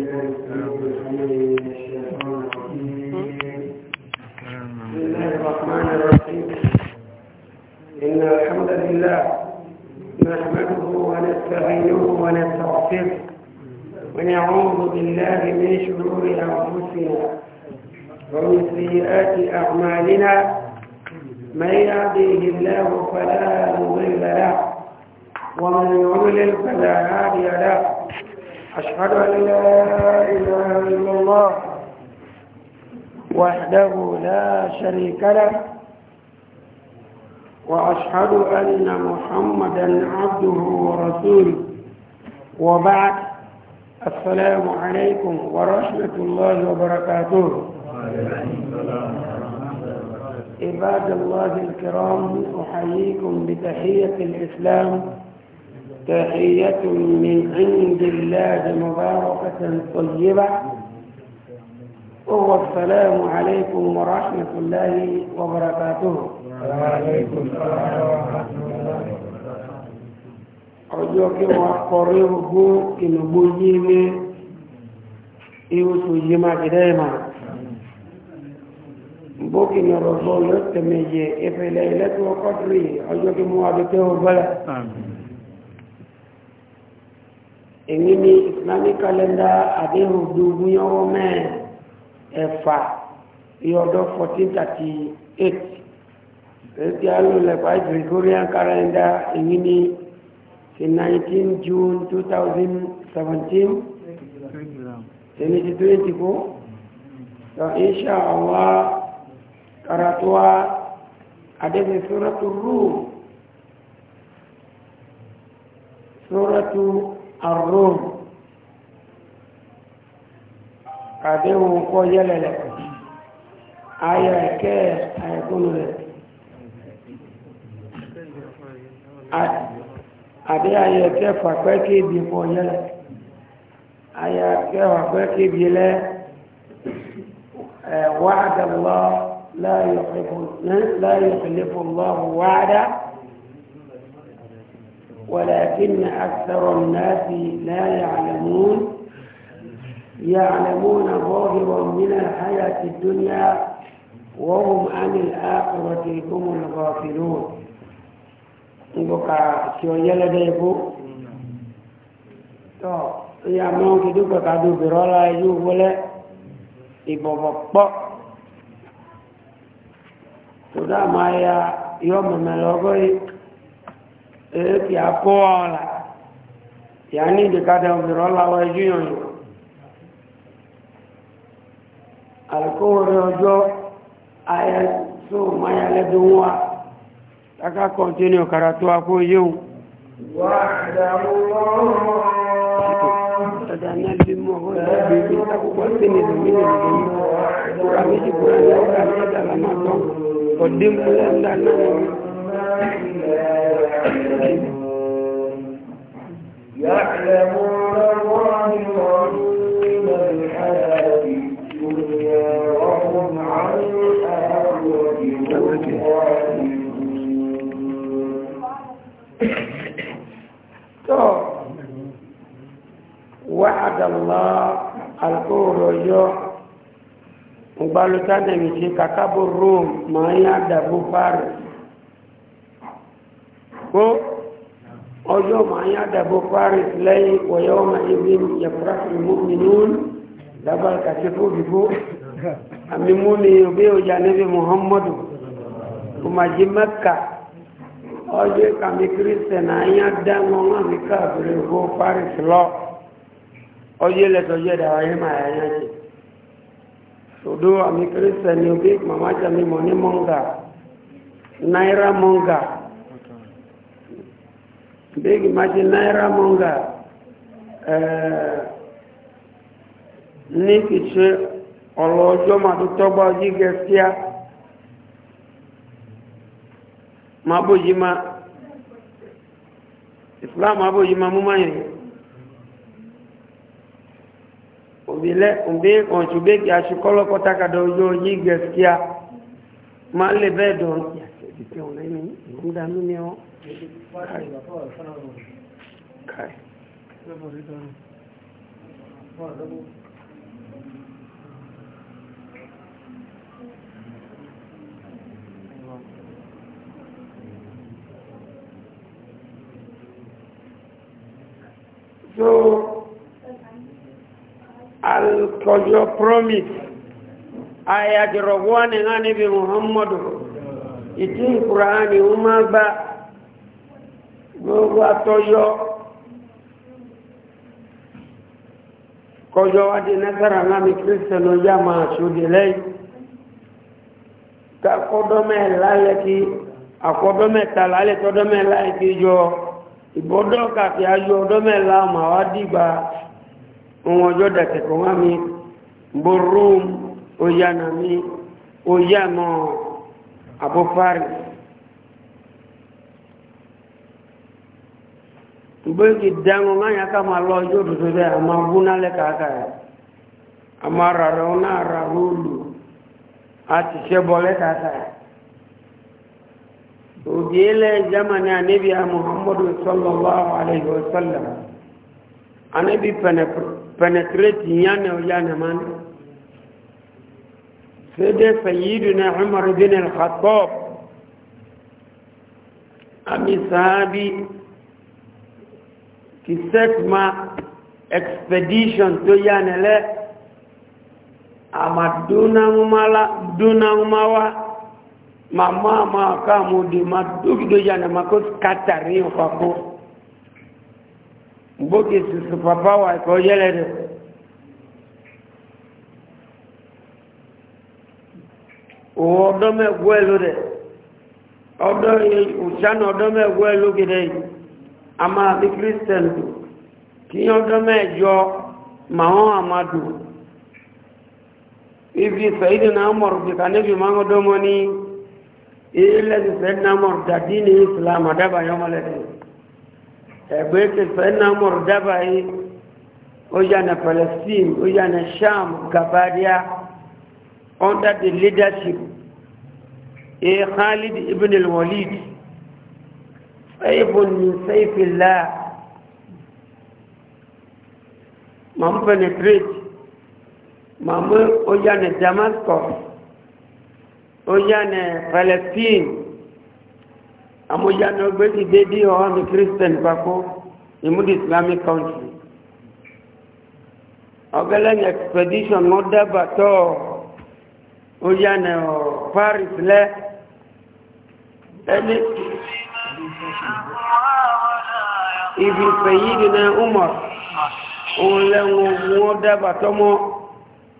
إن الحمد لله نحمده ونستغفره ونعوذ بالله من شرور أنفسنا ومن سيئات أعمالنا من يهديه الله فلا مضل له ومن يضلل فلا هادي له أشهد أن لا إله إلا الله وحده لا شريك له وأشهد أن محمدا عبده ورسوله وبعد السلام عليكم ورحمة الله وبركاته عباد الله الكرام أحييكم بتحية الإسلام تحية من عند الله مباركة طيبة وهو السلام عليكم ورحمة الله وبركاته وعليكم السلام ورحمة الله ọjọ́ kí wọ́n kọrí ogún ìnùgbò yí ní ìwòsù yí máa jẹ́dẹ́ ìmá bókì ní ọ̀rọ̀gbọ́ lọ́tẹ̀mẹ̀yẹ ìfẹ̀lẹ̀ ilẹ̀ tí wọ́n kọ́ èyí ni islamic calendar àdéhùn dùgbúnyọ́wọ́ mẹ́ẹ̀ ẹ̀fà ìyọ̀dọ̀ 1438 èyí alólẹ̀pàá gregorian calendar èyí ni ti 19 june seventeen èyí ti twenty kó so insha allah karatuwa àdéhùn sóràtú rúù sóràtú الروم àdéhùn kọ́ yẹ́lẹ̀lẹ̀ ayọ̀ ẹ̀kẹ́ àìkúnnù rẹ̀ àdé ayọ̀ ẹ̀kẹ́ fàpẹ́ kéèbì kọ́ yẹ́lẹ̀ ayọ̀ ẹ̀kẹ́ fàpẹ́ kéèbì lẹ́ wàdà ولكن أكثر الناس لا يعلمون يعلمون ظاهرا من الحياة الدنيا وهم عن الآخرة هم الغافلون نبقى سيوية لديكو تو يا مونك دوكا كادو برولا يجوب ولا يبقى تو دا ما يا يوم ملوغوي a eki akɔ a yanni ɖeka ɖe ɔvɛrɛ ɔla wa edu yɔnyɔ alikowo ɖe ɔdzɔ ayɛ so maya lɛ do ŋua kaka kɔntiniu karatu ako yewu. wàhálà wọ́n. فدعنا بما هو الذي وسن من الدين قرآن قرآن وكان يدعى ما قدم لنا يعلمون يعلمون ظاهرا من الحياة الدنيا وهم عن الآخرة هم وعد الله القول يوم ubalu tademi si kakabu rum maya dabu faris kó ọjọ́ máa yá dàbò paris lẹ́yìn wọ̀yọ́ ọmọ ibi yẹ̀fúra ìmúminún dábàá kàti fòbìbò àmì múni òbí ọjà níbi muhammadu kùmàjí mẹ́ka ọjọ́ kàmí kírísítẹ̀n àyà dáná àmì káàbìrì òbó paris lọ ọjọ́ ilẹ̀tọ̀jọ́ ìdàwà yẹn máa yá jẹ tòdó àmì kírísítẹ̀n òbí màmájà mi mọ̀ ní mọ́ngà náírà mọ́ngà big maji naira monga ní kìí ṣe ọ̀rọ̀ ọjọ́ màdútọ́gbà ojú gẹ̀ẹ́síá mabojima islam mabojima múmáyìn òbílẹ̀ òbí ọ̀túnbẹ́kì aṣíkọ́lọ́kọ́ takàdọ̀ ojú ojú gẹ̀ẹ́síá máa lè bẹ́ẹ̀ dọ̀ọ́ Kiti unaini muda mimi wao. Kai. So, I'll call your promise. Ayajirogwani ngani bi Muhammadu ìtú ìkùránì ó máa gbá gbogbo atọ́yọ́ kọjọ́ wáde nẹ́sàrà láàmì kírísítẹ̀nì ọjá máa ṣòdè lẹ́yìn kakọ́dọ́mẹ́ lálẹ́ kí akọ́dọ́mẹ́ ta lálẹ́ tọ́dọ́mẹ́ láì kí yọ ìbọ́dọ́ ayọ́ ọdọ́mẹ́ láàmà wá dìgbà ọjọ́ dàkẹ̀kọ́ wá mi abu faris gbégi dáhùn náà ká máa lọ ọjọ́ òdòdó bẹ́ẹ̀ a máa bú nálẹ̀ kàákà ẹ̀ a máa ràrẹ̀ ọ náà rà róòlù a ti ṣe germany anabi muhammadu sallallahu alayhi wa sallam anabi penetrate yánà ọjà nàmánà فدى سيدنا عمر بن الخطاب أمي صحابي كسك ما expedition تو يانلي أما دون مالا دون ماوا mama ma kamu di madugido yana mako katari ufako mbogi sisi papa wa ko yelere òun ọdọ́ mẹ́gbọ́ ẹ̀ ló dẹ̀ ọdọ́ òṣìṣàn ọdọ́ mẹ́gbọ́ ẹ̀ ló gẹ̀dẹ̀ yìí a máa bí christian dù kí ọdọ́ mẹ́jọ màá àmàdù ibi fẹ̀yìdì náà mọ̀rọ̀ bí kànẹ́bì máa ń ọdọ́ mọ́ ní ilẹ̀ ti náà mọ̀rọ̀ dàdí ní islam àdábà yọmọ lẹ́dẹ̀ ẹgbẹ́ ti fẹ̀yìdì náà mọ̀rọ̀ dábà yìí ó yà ní palestine ó yà ní sham gabadia under the leadership of eh, Khalid ibn al-Walid saifun min saifillah mamu penetrate mamu oyane Damascus oyane Palestine amójáde ọgbẹ́sì dédé ọ̀hún ní christian papọ̀ ìmúdi islamic country ọgbẹ́lẹ́yìn expedition wọ́n dábàá ó yá nà ọ̀ paris lẹ́ ẹni ibi fẹ̀yí dínà umar òun lẹ́wọ̀n wọ́n dábà tọ́mọ́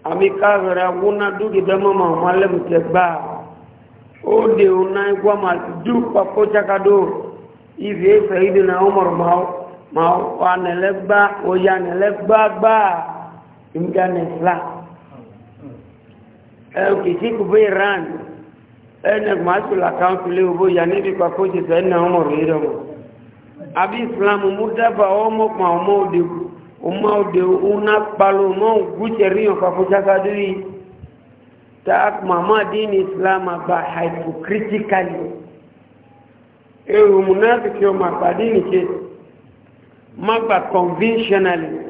àmì káàkiri agúnná dúkìdẹ́mọ́ ma ọmọ alẹ́mùtẹ̀ gbà ó dè ó ná igbó ma dú papọ̀ jákàdó ibi fẹ̀yí dínà umar ma wà nílẹ̀ gbá ó yá nílẹ̀ gbá gbá ìmúdánilá ukisiku bei ran ene masul account le ubo yanibi kwa koji za ene homo ridomo abi islam mudaba omo kwa omo de omo de una palo mo guche rio kwa koja kadiri tak mama dini islam ba hypocritically ewu munafiki o mabadini ke magba conventionally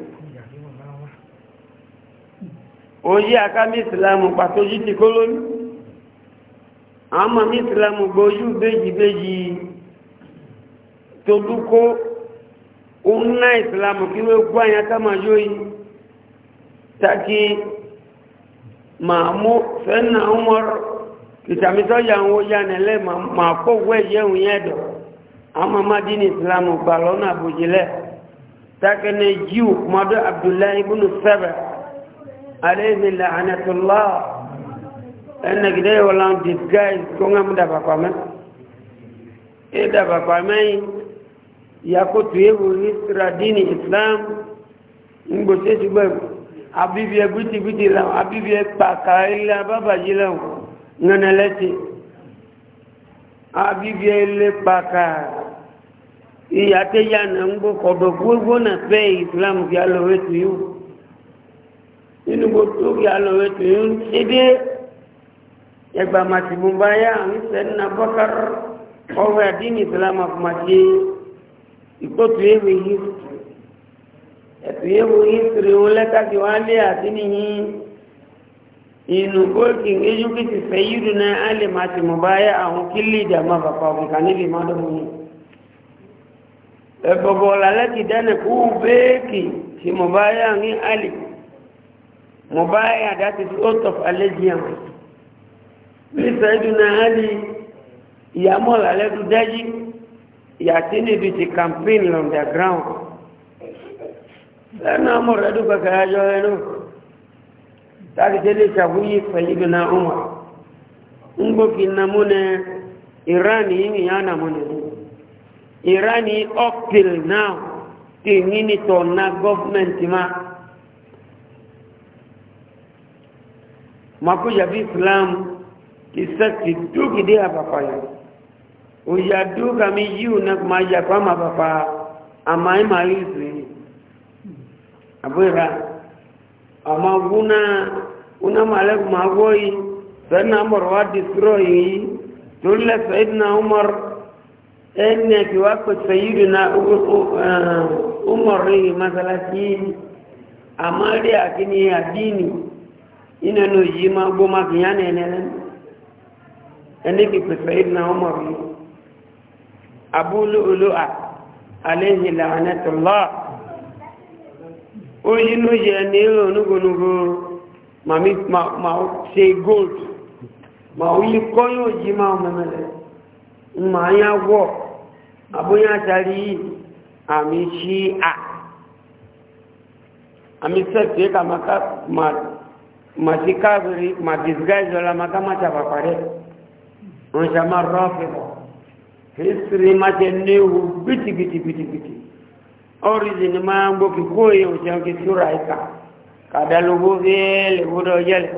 oyí akámi ìsìlámù pàtó yí ti kó lórí àmà mi ìsìlámù gbóyú béjìbéjì tó dúkó òun náà ìsìlámù kí ló gbọ́ àyàn káma yóò yí tàkì màmú fẹ́nà umar ìtàmítọ́jà ń wó yánilẹ́ màá kó wẹ́ yẹ̀hùn yẹn dọ̀ àmà má dín ní gbà lọ́nà àbòjìlẹ̀ tàkì ní jíù mọ́dọ̀ abdullahi ibùnú sẹ́bẹ̀ẹ́ عليه لعنة الله أنك دي ولا disguise كونغا مدفع قامن إذا بقامين يكوت يبو يسرى دين الإسلام نبوسيش بب أبيبي بيتي بيتي لهم أبيبي باكا إلا بابا جلهم ننالتي أبيبي إلا باكا إياتي يانا نبو قدو قلبونا في إسلام في الله ويتو يو nínú gbogbo orí alọ́wẹ́ tó ń dédé ẹgbà màtí mú bá yá ń sẹ́nà bọ́kár ọwọ́ àdín ìsìlámà fún màtí ìkótó ewé yìí ẹ̀tù ewé yìí sèrè wọn lẹ́kàkì wá lé àti nìyí inú bóòkì ejú kí ti fẹ́ yìí dùn náà á lè màtí mú bá yá àwọn kí lè dàmà bàbá òkè níbi má yìí ẹ̀bọ̀bọ̀ làlẹ́ ti dáná kú bẹ́ẹ̀kì tí mú bá ní àlè. Mobile that is out of allegiance. Bí Sẹ́dúnà Ali, ìyàmọ́ làlẹ́dù dájí, ìyàtí níbi ti campaign on the ground. Lẹ́nu ọmọ rẹ̀ dúpẹ́ kẹrẹ́jọ ẹnu. Táàkì délé ṣàwúyí Sẹ́dúnà Umar. Ń gbókì namúnẹ Iran yìí nìyàn namúnẹ. Iran yìí up till now, ti yìí nìtọ̀ na gọ́fmẹ̀ntì máa. makuja viislamu kisasi tu kidia papayo uyaduka miju na maja kwama papa amai malizi abwera ama una una maleku magoi sana amor wa destroy tulla saidna umar ene kiwako na eh, umar masalaki amali akini ya dini ina no yi ma bo ma ki yana ene len ene ki pe sayyid na umar yi abu lu'lu'a alayhi la'natullah o yi no ye ni ro nugo nugo mami ma ma se gold ma o yi ko yi ma o ma ya wo abuya tari ami shi a ami se ka maka ma masikafiri madisguise wala makama chapapare onshama rafida history mache nehu biti biti biti biti origin mambo kikuye uchanki suraika kadalugu vyele budojele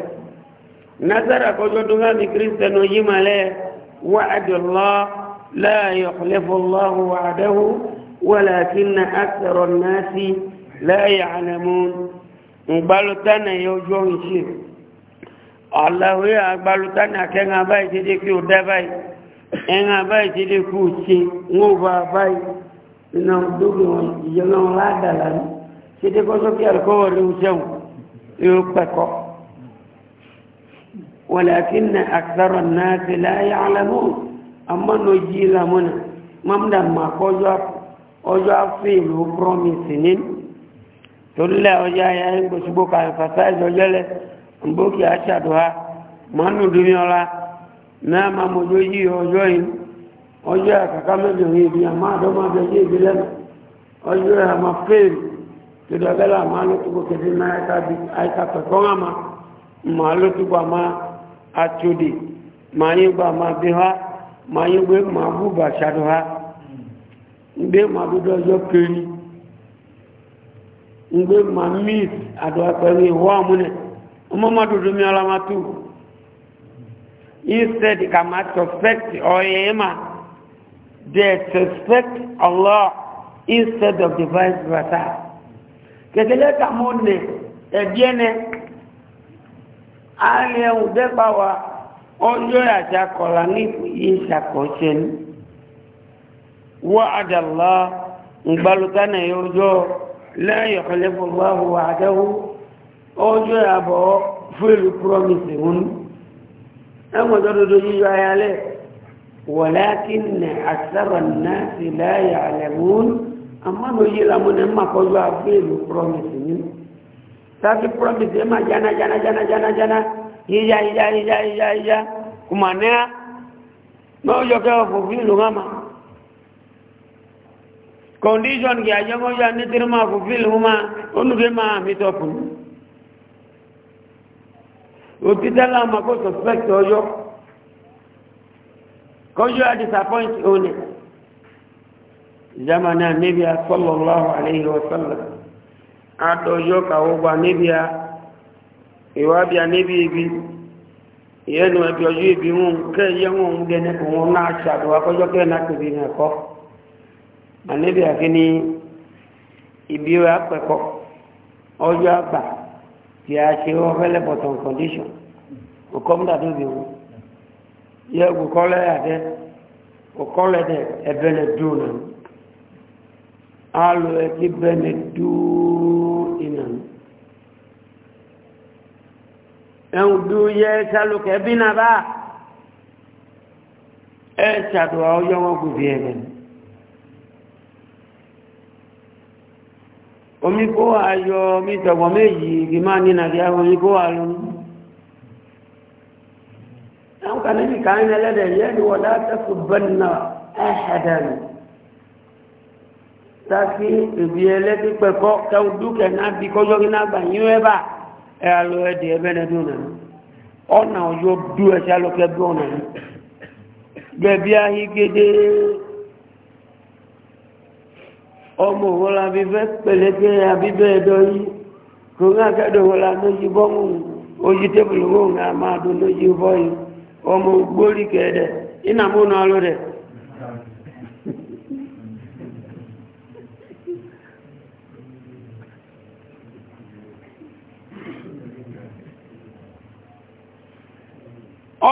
nasara kojotunga mikristano yimale wa'adullah la yukhlifu llahu wa'adahu walakinna akthara nnasi la ya'lamun ìgbálótánà yóò jọ ń ṣe aláwé àgbálótánà kẹ́ńgá báyìí ti dé kí ó dá báyìí ẹ̀ńgá báyìí ti dé kí ó ṣe wọ́n bá báyìí iná dókè wọn ìyẹn wọn ládàlá ní ṣe dé kó sókè àlùkọ́wọ̀ ló ń yóò pẹ̀kọ́ ولكن أكثر الناس لا يعلمون أما نجي لمنا ممدن ما قوجوا أجوا في البروميسنين tolile ọjà ya gbòsìgbò ka emphasize ọjọ́ lẹ gbogbo kì á ṣàdó ha mọ́nù dúnmí ọlá náà máa mọ̀jọ́ yí ọjọ́ yìí ọjọ́ àkàkà mẹ́jọ yìí ibi àmọ́ àdọ́mọ́ abẹ yí ibi lẹ́nu ọjọ́ yà ma fail tòdì ọ̀gẹ́lá máa ló túbọ̀ kẹsí náà àìka pẹ̀kọ́ hàn má ló yín ha máa yín gbé máa bú bà ha gbé dúdú mgbe ma mit adu akpa n'iwu amunee ọ ma ama du udunu ihe ma atu iste dị kama tọspekt ọ ya ịma de tọspekt ala instead of ọf vice bata kekele ka mụ onye ebi ene ahịa ude kpawa ọ dzo ya dza kọla n'ifu ịz akpọ chen. wụọ adịla mgbalịta n'iwu ụdọ. lẹ́yìn ọ̀pẹ̀lẹ́fọ̀ bá wà àdáwó ọjọ́ àbọ̀ fúlù promise wọn ẹgbọ́n tọ́dọ̀dọ̀ yíyọ ayálẹ̀ wọ̀láàkínà àtàrà náà sì láyà àlẹ̀mún àmọ́nà promise náà condition ki aje moja ni tirma fulfill huma unuge ma mitopun ma mako suspect ojo kojo a disappoint one zamana nabia sallallahu ahu wa sallam atojo ka ogba nabia iwabia nabi ibi yenu bi ojo ibi hun ke yenu hun gene ko na sha do akojo ke na ke bi na ko ànẹ́bí àkíní ibi wa pẹ̀kọ́ ọjọ́ àgbà tí a ṣe wọ́n fẹ́lẹ̀ bọ̀tàn condition òkọ́mdà tó bi wọn yẹ òkọ́lẹ̀ àdẹ́ òkọ́lẹ̀ dẹ̀ ẹ̀bẹ̀lẹ̀ dùn náà alò ẹ̀kí bẹ̀lẹ̀ dùn ìnà ẹ̀hùn dùn yẹ sálùkẹ́ bí nàbà ẹ̀ ṣàdùwà ọjọ́ wọn gùn bí omi kó wà yọ omi tọ̀gbọ̀n méjì ìgbìmọ̀ ní nàìjíríà omi kó wà lónìí àwọn kan níbi káyín ẹlẹ́dẹ̀ yẹ́nu wọ́n látẹ́kù bẹ́ẹ̀nà ẹ̀ẹ́dẹ̀rù sáfí ìbí ẹlẹ́dẹ́pẹ̀ kọ́ kẹun dúkẹ̀ náà bí kọjọ́ kí náà gbà yín ẹ bá ẹ alọ ẹdẹ ẹbẹ́nẹdún nàá ọ̀nà ọjọ́ dú ẹ̀ṣẹ́ alọ́kẹ́ bí ọ̀nà yìí gẹ̀bí ahígédé ọmọ òun la fi fẹ́ pẹ̀lẹ́kẹ́ abíbẹ́ ẹ̀dọ́ yìí kò ń akẹ́dọ̀ òun la lójú bọ́mù ojú tébùlù òun a máa dùn lójú bọ́ yìí ọmọ gbórí kẹ́ẹ̀dẹ̀ iná múnà ló dẹ̀.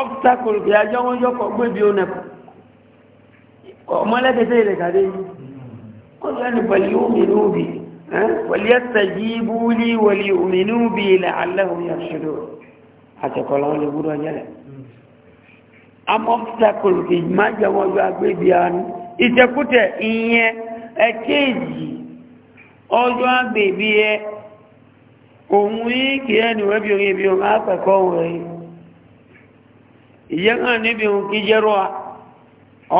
obstacle kìí ajọ́ wọn yọkọ̀ قل فليؤمنوا بي وليستجيبوا لي وليؤمنوا بي لعلهم يرشدون حتى قال الله يقول رجلا أم obstacle في ما جوا جابي بيان إذا كنت إيه أكيد أجوا بيبي òun yìí kì í ẹni wẹ́bí orin ibi òun ápẹ̀kọ́ òun yìí ìyẹ́ hàn níbi òun kí jẹ́rọ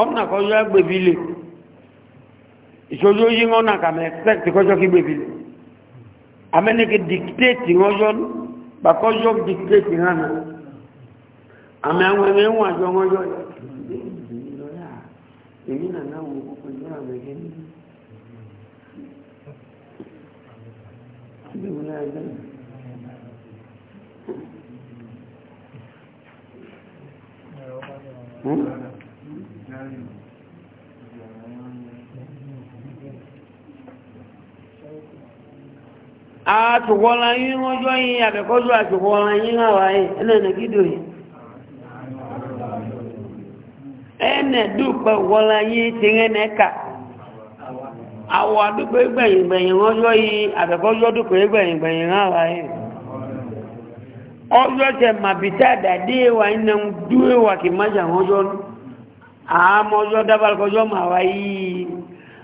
ọ̀nà kọjọ́ agbèbí lè ìṣojú yí wọn náà kàmẹ expect kọjọ kí gbèbí amẹnike dictate wọn yọ bàkọjọ dictate hàn náà àmì àwọn ẹmẹ ń wàjọ wọn yọ èyí nàná wo pẹ̀lú àwọn ẹgbẹ́ ní ìgbìmọ̀ náà ẹgbẹ́ Hmm? àtùwọ́lá yín ọjọ́ yìí àkẹ́kọ́jọ́ e yín àwáyé ẹlẹ́nà gídò yìí na eka. wọ́lá yín ti rẹ́nẹ̀ kà yìí àkẹ́kọ́jọ́ dùpẹ̀ gbẹ̀yìngbẹ̀yìn àwáyé ọjọ́ tẹ màbìtà dàdé wa iná dúwé wa kì má jà ọjọ́ àmọ́ ọjọ́ ma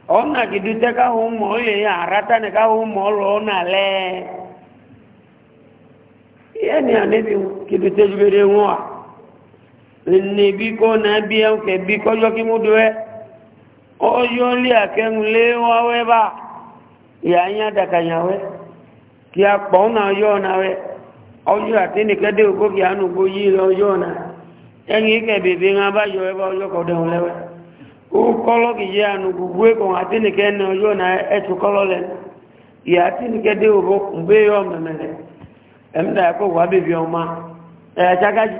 ona kidute ka humo ile arata ne ka humo lona le yani anebi kidute jibere won ni bi ko na bi en ke bi ko yo ki mudu e o yo li akenu le wa we ba ya nya da ka nya we ki a po na yo na we o yo atini ke de ko ki anu bo yi lo yo na en ke bebe nga ba yo e ba yo ko de le we ukọlọ gị ya nụ gbugbu ego atinike na oyo na etukọlọle ya atinike dị ụbụ mgbe ya omemere emda ya kọgwa abibi ọma ẹ̀ẹ́dẹ́gájì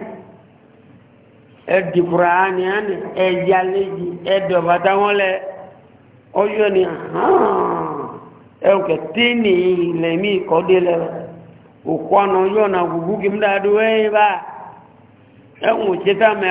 ẹ̀dìkùrà a ní ẹ̀yàlẹ́jì ẹ̀dọ̀bàtà wọn ni ẹ̀kẹ́ tí ní ilẹ̀ mi kọ́dé lẹ òkú ọ̀nà ọyọ́ na gbogbo kí mú dáadọ́ ẹ̀ bá ẹ̀wọ̀n òṣèta mẹ́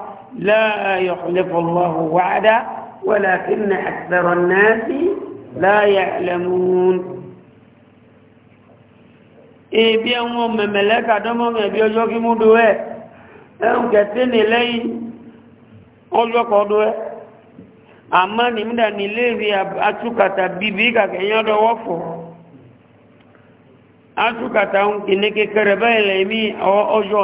لا يخلف الله وعدا ولكن أكثر الناس لا يعلمون ebi ẹwọn mẹ̀mẹ̀lẹ́ kàdọ́mọ́ ẹ̀bí ọjọ́ kí mú dúwẹ́ ẹ̀hùn kẹtí ní lẹ́yìn ọjọ́ kọ́ dúwẹ́ àmá ní múdà ní léèrè atúkàtà bíbí kàkẹ́yìn fọ́ atúkàtà ń kì ní kékeré báyìí ọjọ́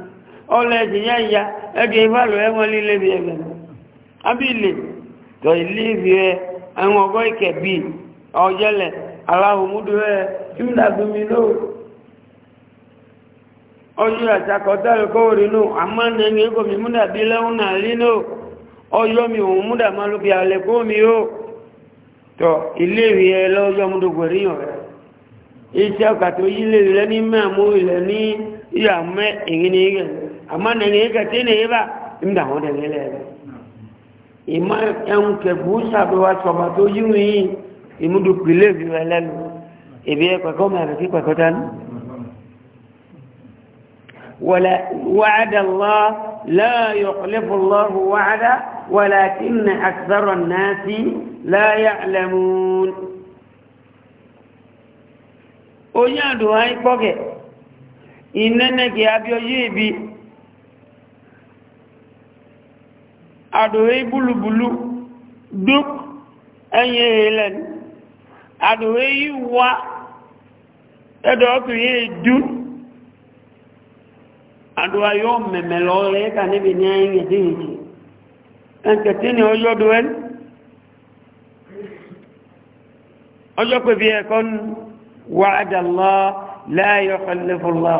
ọlẹ́dì yá ya ẹgbẹ̀ ìbálò ẹwọ́n líle bí ẹgbẹ̀ abílẹ̀ tọ́ ìlíbi ẹ ẹwọ́n ọgọ́ ìkẹ̀ bí ọjẹ́lẹ̀ aláhùnmúdó ẹ júlàgbìmí ló ọjọ́ náà múdà bí lẹ́hùn náà rí náà ọjọ́ mi òun múdà máa ló alẹ́ kó mi ó ẹ lọ́jọ́ amma na ne ka te ne ba inda ho da ne le ima en ke busa be wa so ma to yu yi imu du pile bi wa len e bi ko ko ma ki ko ko tan wala wa'ada allah la yukhlifu allah wa'ada ولكن أكثر الناس لا يعلمون oyin àdùn àìpọ́kẹ̀ ìnẹ́nẹ́kẹ̀ abíọ́yé ibi adowe bulubulu duk enye helen adowe wa edo otu ye dụ adowa yo memelo ole ka nibi ni enye dinji enkete ni ojo duwen ojo pe bi ekon wa'ada allah la yukhlifu allah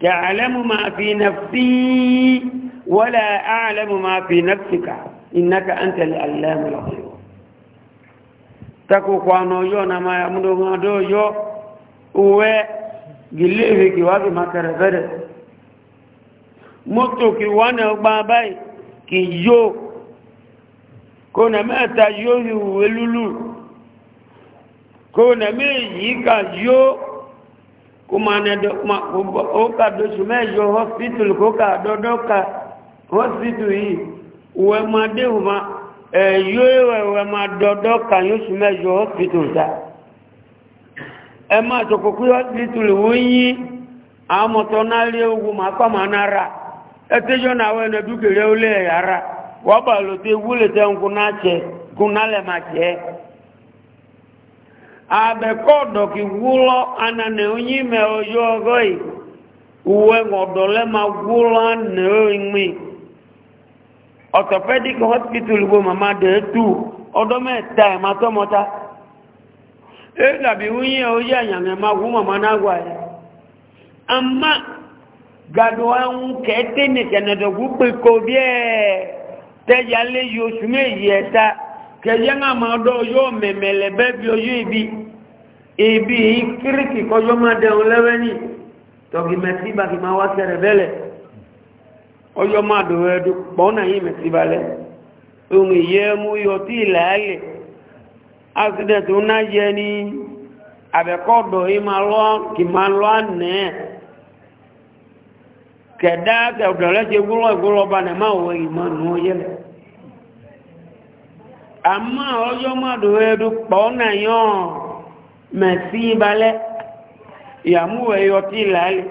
تعلم ما في نفسي ولا أعلم ما في نفسك إنك أنت الألام العظيم تكو قوانو يو نما يمدو مدو يو uwe gilivi kiwazi makarevere mutu kiwane ubabai kiyo kona mẹ́ta yóò yìí wèlúlù kona méjì ká yóò kumane oka dosu mejo hospital koka dodoka hospital yi uwe made uma e yowe we ma dodoka yosu mejo hospital ta e ma to ko ku hospital wonyi amo to na le ogun ma pa ma nara e te jo na we na dukere ole ara wa ba lo te wule te nku na che kunale ma che abekɔdɔ ki wulɔ anane onyi mɛ ɔyɔ ɔgɔ yi uwe ŋɔdɔ lɛ ma wulɔ ane onyi orthopedic hospital wo mama de tu ɔdɔ mɛ ta yi ma tɔmɔ ta e dabi e onyi yɛ oyi anyamɛ ma wu mama na wa yi e. ama gado aŋu kɛtɛ ne kɛnɛ dɔ gu kpe ko biɛ tɛdza lé yi osu mɛ yi ta. kẹyẹn àmàdọ́ yóò mẹ̀mẹ̀lẹ̀ bẹ́ bí oyú ibi ibi kíríkì kọjọ́ máa dẹun lẹ́wẹ́ ní tọ́gì mẹ́síbà kì máa wá sẹ́rẹ̀ bẹ́lẹ̀ ọjọ́ máa dò ẹ̀dù pọ́nà yìí mẹ́síbà lẹ́ ohun ìyẹ́ mú yọ tí ìlàálẹ̀ accident ń ná yẹ ní àbẹ̀kọ́dọ̀ yìí máa lọ́ kì máa lọ́ àná kẹ̀dá kẹ̀dọ̀lẹ́sẹ̀ gbúrọ̀ ìgbúrọ̀ ọba nà máa wọ ìmọ̀ nù ó yẹlẹ̀ àmọ́ ọjọ́ mọ́dù ẹ̀dù pọ̀ náà yàn mẹ̀sí balẹ̀ ìyàmú ẹ̀yọ tí ìlàálẹ̀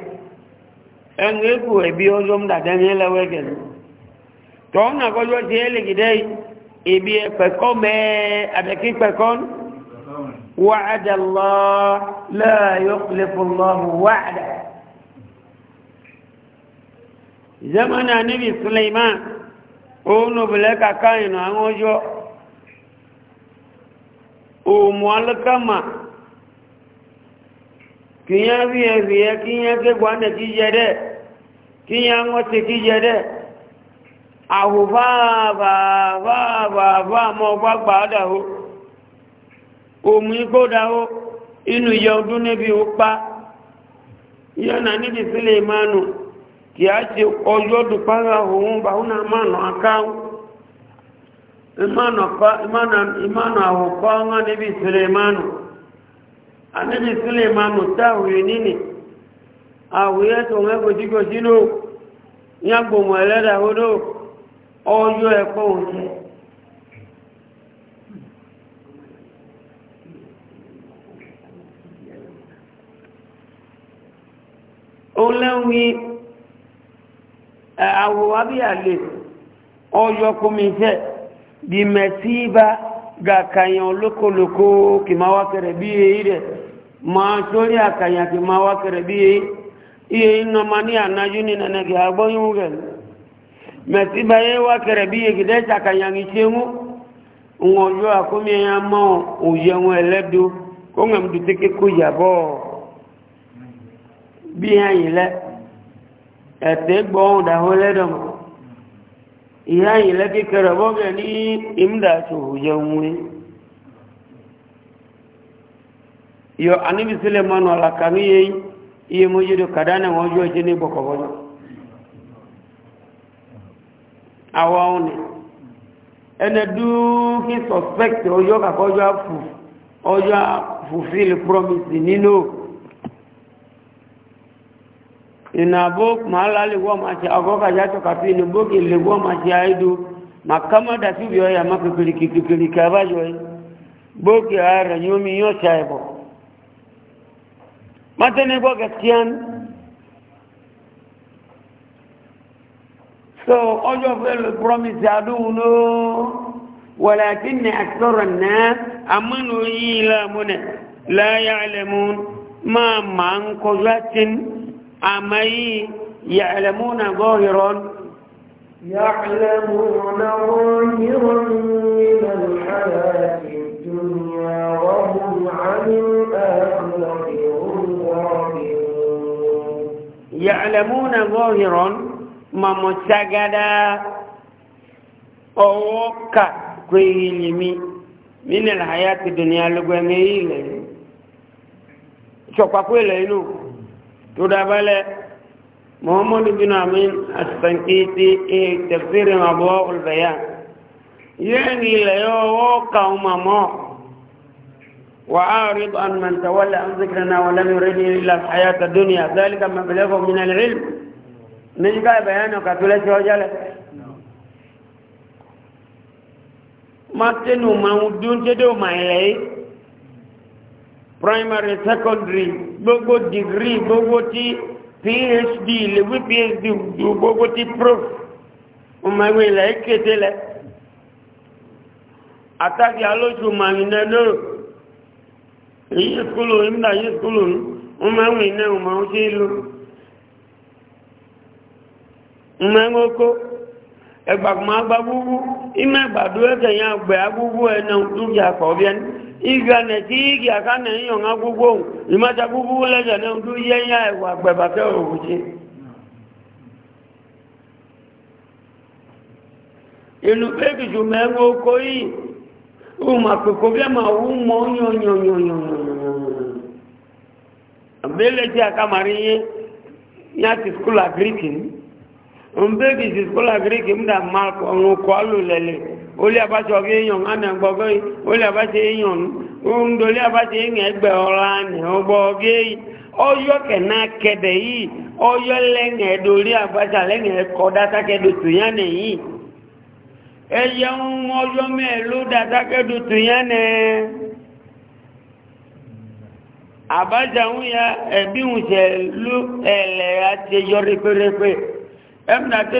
ẹnu ẹ̀kù ẹbí ọjọ́ mọ́dàdẹ́ni ẹlẹ́wẹ́gẹ̀ lọ tọ́ọ̀nà kọjọ́ ti ẹlẹ́gìdẹ́ ìbí ẹ̀pẹ̀kọ́ mẹ́ àbẹ̀kí pẹ̀kọ́ وعد الله لا òmù alákàmà kìyà rí ẹ̀rí ẹ kìyà kégbà nẹ̀ kí yẹ dẹ́ kìyà wọ́n ti kí yẹ dẹ́ da mọ́ gbàgbà dáwó òmù inú yẹ níbi ó pa ti imanu awokɔŋɔ nibi sulemanu anibi sulemanu tahuyi nini awuyɛ toŋɛ gosi-gosi do nyagbomo ɛlɛdawo oyo ɔyɔ ɛkpɔ wotɛ òun lẹ́wìn àwòwá bí àlè ọyọ bimesiba gakanya olokoloko kimawakere biye ire matori akanya kimawakere biye iye inomani anajuni nenege agboyungen mesiba ye wakere biye gidecha akanya ngichengu ngojo akumye ya mo uyengu eledu konga mduteke kuyabo biye ile ete gbon da holedomo ìyá yìí lẹ́kí kẹrẹ bọ́gẹ̀ ní ìmúdàtò jẹun yọ aníbisílẹ̀ mọ́nà ọ̀làkà ní yẹ iye mojúdó kàdánà wọn jọ jẹ́ ní bọ̀kọ̀bọ̀jọ́ àwọn ọ̀nà ẹni dúkí suspect ọjọ́ kàkọ́jọ́ fù ọjọ́ fulfill promise nínú no inabok mahala alikuwa macha agoka jacho kapini boki ilikuwa macha aidu makama dasivyo ya makikiliki kikiliki abajo boki ara yumi yocha ebo matene kwa gaskian so ojo fel promise adu no ولكن أكثر الناس أمنوا إلى منى لا يعلمون ما معنى قدرة أمي يعلمون ظاهرا يعلمون ظاهرا من الحياة الدنيا وهم عن الآخرة هم غافلون يعلمون ظاهرا ما متجدا أوكا كويلمي من الحياة الدنيا لقوة ميلة شوكا كويلة إنه تدبل محمد بن أمين السنكيتي إيه تفسير مبوغ البيان يعني ليو قوم ما وأعرض عن من تولى عن ذكرنا ولم يرد إلا الحياة الدنيا ذلك مبلغ من العلم نجي قاعد بيانه كتولة شوجلة ما تنو ما ودون تدو ما إليه primary secondary gbogbo dìgírí gbogbo tí phd lèwí phd gbogbo tí prof ọmọ ìwé ilẹ̀ ìkété lẹ àtàkì alóṣù màmìnà náà èyí skúlù nígbà yí skúlù ọmọ ìwé iná ọmọ ọṣẹ ìlú ọmọ ìwé oko ẹgbàgbọ́n agbábúbú ìmẹ̀gbàdo ẹ̀kẹ̀yìn àgbẹ̀ agbúbú ẹ̀ náà dúkìá kọ̀ọ̀bíẹ́ni iga na ti igi aka na iyo nga gbogbo imata gbogbo leja na ndu ye ya ewa olè abájọ ọgẹ èèyàn ánà gbọgbẹ olè abájọ èèyàn oúnjẹ olè abájọ èèyàn ẹgbẹ ọlá ànà ọgbọ ọgẹ ọyọ kẹna ọyọ tó nẹ ẹyẹ e ń ọyọ tó nẹ ya ẹbí ń ṣe lú ẹlẹ àti ẹyọ rẹpẹrẹpẹ ẹmúdàtẹ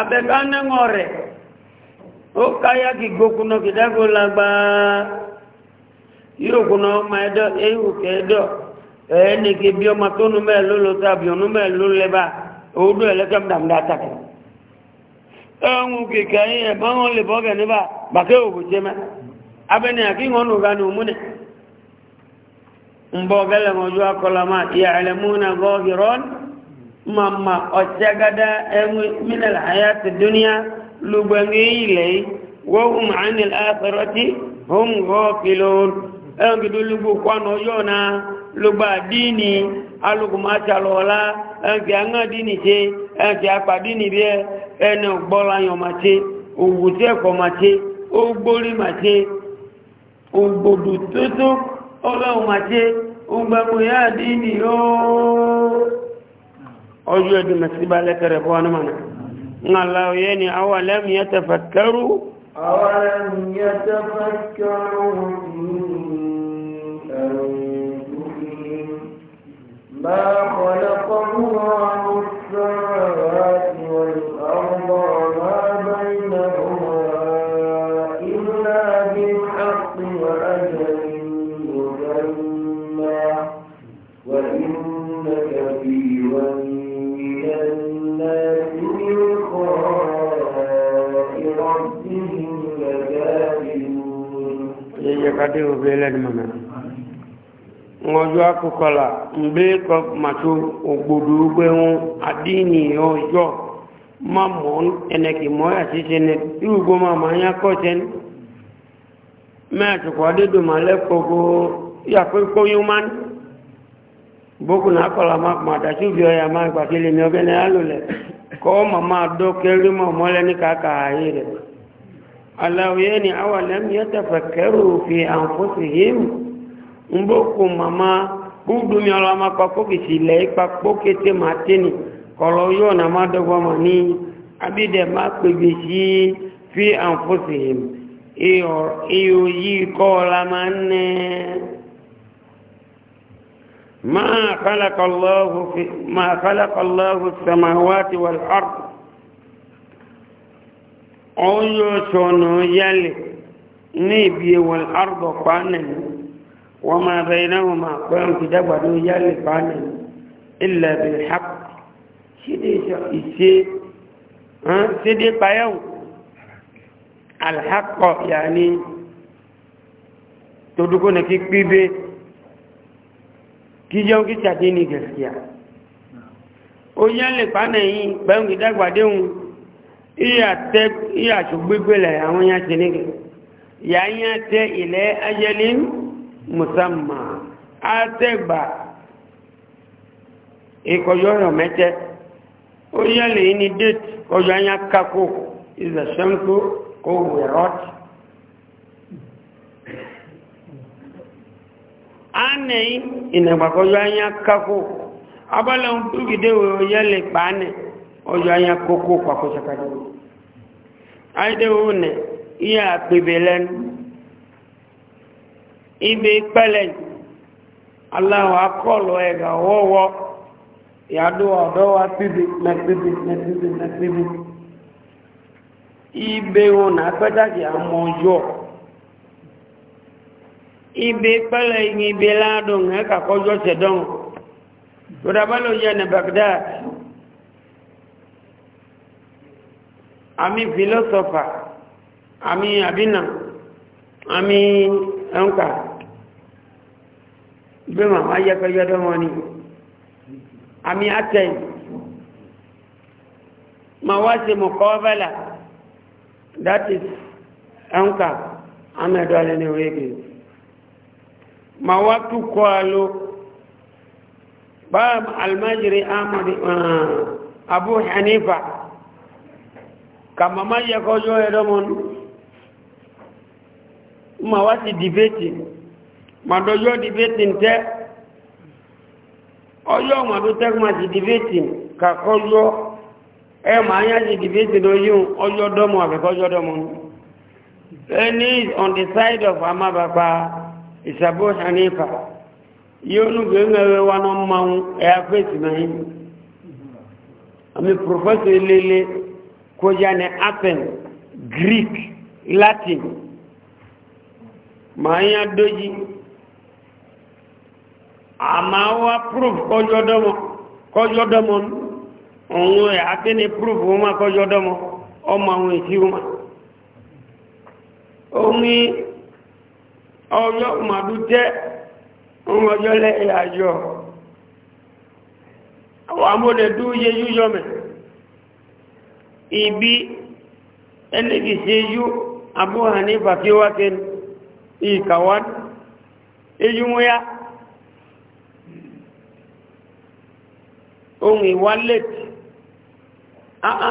abẹ̀kánẹ́ ń ọ̀rẹ̀ ó káyá kì gbókúná kìdágó lágbàá yóò kúná ọmọ ẹ̀dọ́ ewu kẹ́ẹ̀dọ́ ẹ̀ẹ́nìkì bí ọmọ tó nu mẹ́ẹ̀ ló lọ tàbí ọ̀nu mẹ́ẹ̀ ló lẹ́bà òwúdó ẹ̀lẹ́kẹ́ mdàmdà tàkì ẹ̀hún kìkà yìí ẹ̀bọ́n wọn lè bọ́gẹ̀ níbà òwò nù náà gọ́ọ̀gì mama ọ̀tíagada ẹ̀mú mínàlá àyàtì dúníà lùgbẹ̀mí ilẹ̀ wọ́hùn ánìl àfẹ́rọ́tí hùn gọ́ọ̀kìlò ẹ̀ǹgìdú lùgbù kwánà ọjọ́ náà lùgbà dínì alùgbùmáṣàlọ́ọ̀lá ẹ̀ǹkì àná dínì ṣe ẹ̀ǹkì àpàdínì bí ẹni gbọ́láyọ̀màṣe òwútẹ́kọ̀màṣe ógbórímàṣe ògbòdù tótó ọlọ́ọ̀màṣe ògbàmùyá ojú ẹ̀dù mẹ́síbà lẹ́kẹ̀rẹ̀ bọ́ ọ́nà mọ̀nà ńlá oyé ni àwọn lẹ́mí yẹ́ tẹ̀fẹ̀ kẹrù ما خلق الله السماوات والأرض وما بينهما kade obele ni mana ngojo akokola mbe ko macho ogbodu gbe adini ojo mamon eneki moya sisene ugo mama ya koten mẹ́ẹ̀tù kọ́ dédò máa lẹ́kọ̀ọ́gbọ́ yàkókò yóò máa ń bókù náà kọ́lá máa kùn aláwòye ni àwọn lẹ́mìí tẹ̀fẹ̀kẹ́rù fi àǹfọ́sì yìí ń bó kò màmá gbúdú mi ọlọ́ máa pa pókìtì ilẹ̀ ipa pókété máa tẹ́ni kọ̀lọ́ yóò nà má dọ́gba mà ní abídẹ̀ má pèbè sí fi àǹfọ́sì yìí iyo yìí kọ́ ọ̀la máa ń nẹ́ máa kálákọ̀lọ́hù sàmáwá ti wà lọ́rùn ọ̀yọ́ sọ̀nà yálẹ̀ ní ibi wọn arúgbọ̀ pàánẹ̀ wọ́n máa bẹ̀rẹ̀ náà wọ́n máa pẹ́ òkè dàgbàdo yálẹ̀ pàánẹ̀ ilẹ̀ bìí hap ṣídé ìṣe ṣídé payẹ́wò alhakọ̀ yàní todukó na kí pípé kí jẹun kí sàdé ní gẹ̀ẹ́sìá ó yálẹ̀ pàánẹ̀ yìí pẹ́ òkè iya ṣùgbígbélẹ̀ àwọn ya ti ní ya yá tẹ ilẹ̀ ajẹ́lì musamman a tẹ́gbà ìkọjọ́ ọ̀rọ̀ mẹ́tẹ́ ó yẹ́lẹ̀ ní déètì kọjọ́ anyá kakó ìzẹ̀ṣẹ́mkó kó wẹ̀rọ́t a nẹ̀yí ìnàgbàkọjọ́ anyá kakó abọ́lẹ̀ ń ọjọ́ anya kókó pàkóṣakadé àìdéhùn ihe àpèbè lẹ́nu ibe pẹ́lẹ̀ aláwọ̀ akọ́lọ̀ ẹ̀gà wọ́wọ́ ìyàdó ọ̀dọ́ wa píbi mẹ́píbi mẹ́píbi mẹ́píbi ibe wọn na pẹ́tàkì àmọ́ ọjọ́ ibe pẹ́lẹ̀ ibi ládùn ẹ̀kàkọ́jọ́ ṣẹ̀dọ́n àmì fìlọ́sọ̀fà àmì àbínà àmì ẹnkà bí màmá yẹ́kẹ́yẹ́dọ́ wọn ni àmì àtẹ̀yìn ma wá sí mọ̀kọ́ọ́bẹ̀là that is ẹnkà àmì ẹ̀dọ́ alẹ́ ní orí èkè ma wá túkọ́ alo bá almajiri uh, abu hanifa kàmà má yẹ kọjọ́ ẹ̀dọ́mọ́nú ma wá sí dìbẹ́tì ma dọjọ́ dìbẹ́tì tẹ́ ọjọ́ ma tó tẹ́ ma sí dìbẹ́tì kàkọjọ́ ẹ ma yá sí dìbẹ́tì lóyún ọjọ́ dọ́mọ́ àfẹ́kọjọ́ dọ́mọ́nú ẹni on the side of amabapa ìsàbò hanifa yóò nù gbẹ̀ngẹ̀ wọn máa ń ẹ̀ afẹ́sì náà yìí àmì pòfẹ́sì lélẹ́ẹ̀ kojane apen greek latin maya doji ama wa proof kojodomo kojodomo òun ẹ̀ atẹ́ni proof wọn máa kọjọ́ uma, ọmọ àwọn èsì wọn òun ní ọjọ́ màdú tẹ́ òun ọjọ́ lẹ́yìn àjọ àwọn amóhùn ẹ̀dú yẹ yúyọ mẹ́ ibi ẹnìkì ṣejú abu hanifa kí wá kí ìkàwọn ejúmúyá ohun ìwálẹ̀tì àà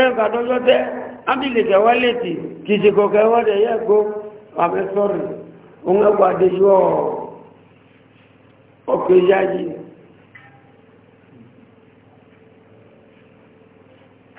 ẹnkà tọ́jọ́ tẹ́ ábìlẹ̀kẹ̀ wálẹ̀tì kìí ṣe kọ̀kẹ́ wọ́dẹ̀ yẹ́ kó àmẹ́sọ́rì ohun ẹgbàdé yóò ọkọ̀ ìyáyìí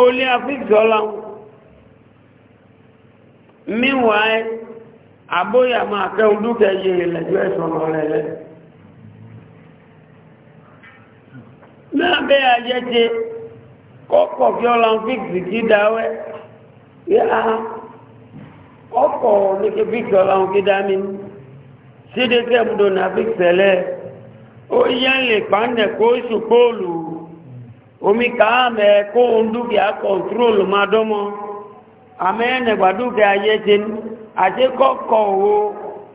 olè afíìsì ọláhùn meanwhile abóyà máa kẹ́ olúkẹyẹ ìlẹ̀jọ́ ẹ̀sọ̀nà rẹ̀ lẹ́ lábẹ́ ajẹ́jẹ́ kọ́kọ̀ kí ọláhùn fíìsì kí dáwẹ́ yá ọkọ̀ ní kí fíìsì ọláhùn kí dá mi sídẹ́kẹ́ mdò náà fíìsì ẹ̀lẹ́ ó yẹ́ lè pàǹdẹ̀ kó sùpóòlù omi ka ame ko dúkìá kọ̀ntrol ma dọ́mọ́ amẹ́nẹ̀gbà dúkìá yẹ ti àti kọ́kọ̀ owó